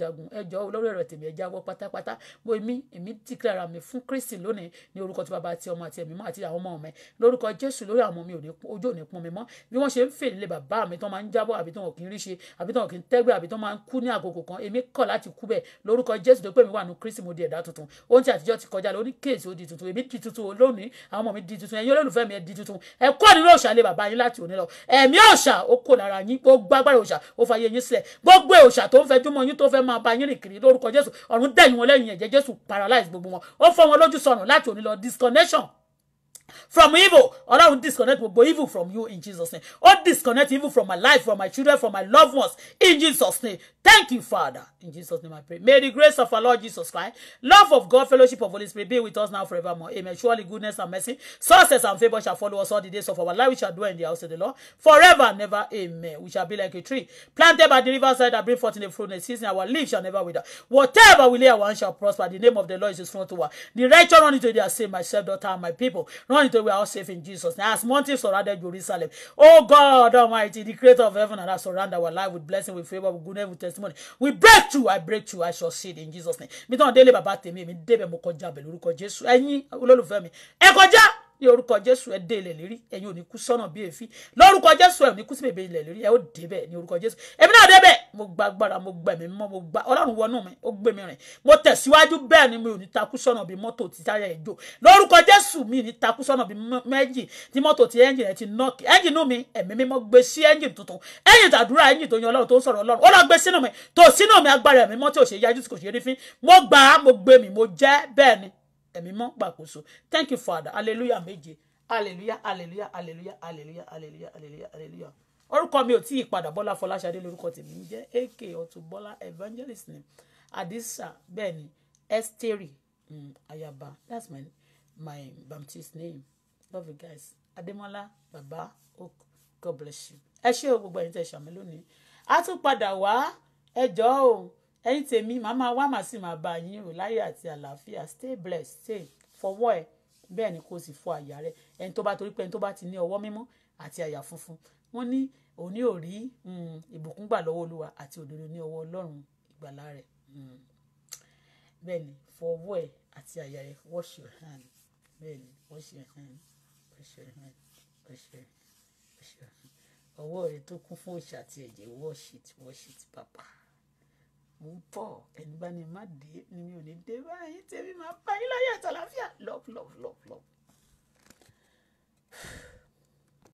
jagun ẹjọ́ olórí ẹ̀rọ tèmi ẹja wọ pátápátá mo mi mi lórúkọ jésù lórí àwọn ọmọ mi ojú ò ní pọn mi mọ́ bí wọ́n ṣe ń fèlè bàbá mi tó máa ń jábọ́ àbí tó wọn kì í rí àbí tó wọn kì í tẹ́gbẹ́ àbí tó máa ń kú ní àkókò kan èmi kọ̀ láti kú bẹ́ẹ̀ lórúkọ jésù tó pè mí wà nù kristi mo di ẹ̀dá tuntun ohun tí àtijọ́ ti kọjá lọ oníkèésì ó di tuntun èmi di tuntun lónìí àwọn ọmọ mi di tuntun ẹ̀yin olólùfẹ́ mi di tuntun ẹ nínú òòṣà lé bàbá yín láti òní lọ ẹ̀mí òòṣà ó kò lára yín gbogbo agbára òòṣà ó fa yé yín sílẹ̀ gbogbo from evil ọlọ́run disconnect gbogbo evil from you in jesus name ó disconnect evil from my life from my children from my loved ones in jesus name thank you father in jesus name i pray may the grace of our lord jesus christ love of god fellowship of holy spirit be with us now forevermore amen surely goodness and mercy success and favour shall follow us all the days of our life we shall dwell in the house of the lord forever and ever amen we shall be like a tree planted by the river side that bring forth in the fruit in the season our leaves shall never wither whatever we lay our hand shall prosper the name of the lord is his front door the righteous run into their sin myself daughter and my people run money we are all safe in Jesus. Now, as mountains surrounded Jerusalem, oh God Almighty, the creator of heaven and earth, surround our life with blessing, with favor, with goodness, with testimony. We break through, I break through, I shall see it in Jesus' name. Me don't délé bàbá tèmi, Me débẹ̀ mo kọjá beluruko Jesus. Jésù. Ẹ̀yin olólùfẹ́ mi, ẹ ní orúkọ jésù ẹ dé ilẹ̀ lérí ẹ̀yin ò ní kú sọ́nà bí èéfín lórúkọ jésù ẹ ò ní kú sí bèbè ilẹ̀ lérí ẹ ó dé bẹ́ẹ̀ ní orúkọ jésù èmi náà dé mo gba agbára mo gba ẹ̀mí mímọ́ mo gba ọlọ́run wọnú mi ó gbé mi rìn mo tẹ̀síwájú bẹ́ẹ̀ ni mi ò ní takú sọ́nà bí mọ́tò ti táyà ẹ̀ jò lórúkọ jésù mi ní takú sọ́nà bí méjì tí mọ́tò ti ẹ́ńjìn rẹ̀ ti nọ́ọ̀kì ẹ́ńjìn nú mi ẹ̀mí mímọ́ gbé sí ẹ́ńjìn tuntun ẹ́ńjìn tàdúrà ẹ́ńjìn tó yan ọlọ́run tó ń sọ̀rọ̀ ọlọ́run ó lọ gbé sínú mi tó sínú mi agbára ẹ̀mí ẹ̀mí gbàkóso thank you father hallelujah méje hallelujah hallelujah hallelujah hallelujah hallelujah hallelujah hallelujah orúkọ mi ò tí ì padà bọ́lá fọláṣadé lórúkọ tèmi ń jẹ́ ak ọ̀tún bọ́lá evangelist ni adisa bẹ́ẹ̀ ni esteri um, ayaba that's my my baptist name love you guys adémọ́lá baba ok god bless you ẹ ṣé o gbogbo ẹ̀yin tẹ́ ṣàmì lónìí a tún padà wá ẹ jọ̀ọ́ o ẹ̀yin tèmi màá máa wá màá sì máa bá yín rò láyé àti àlàáfíà stay blessed stay fọwọ́ ẹ̀ bẹ́ẹ̀ ni kò sì fọ àyà rẹ̀ ẹni tó bá torí pé ẹni tó bá ti ní ọwọ́ mímọ́ àti àyà funfun wọ́n ní òní ò rí mm, ìbùkún gbà lọ́wọ́ olúwa àti òdodo ní ọwọ́ ọlọ́run ìgbàlà rẹ̀ mm. bẹ́ẹ̀ ni fọwọ́ ẹ̀ àti àyà rẹ̀ wash your hand bẹ́ẹ̀ ni wash your hand wash your hand wash your hand wash your hand ọwọ́ rẹ̀ tó kún fún òṣà àti ẹ̀jẹ̀ wash it wash it papa mò ń bọ̀ ẹni bá ní má dé ni mi ò ní dé báyìí tèmi máa bá yín láyé àtàlàfíà love love love love.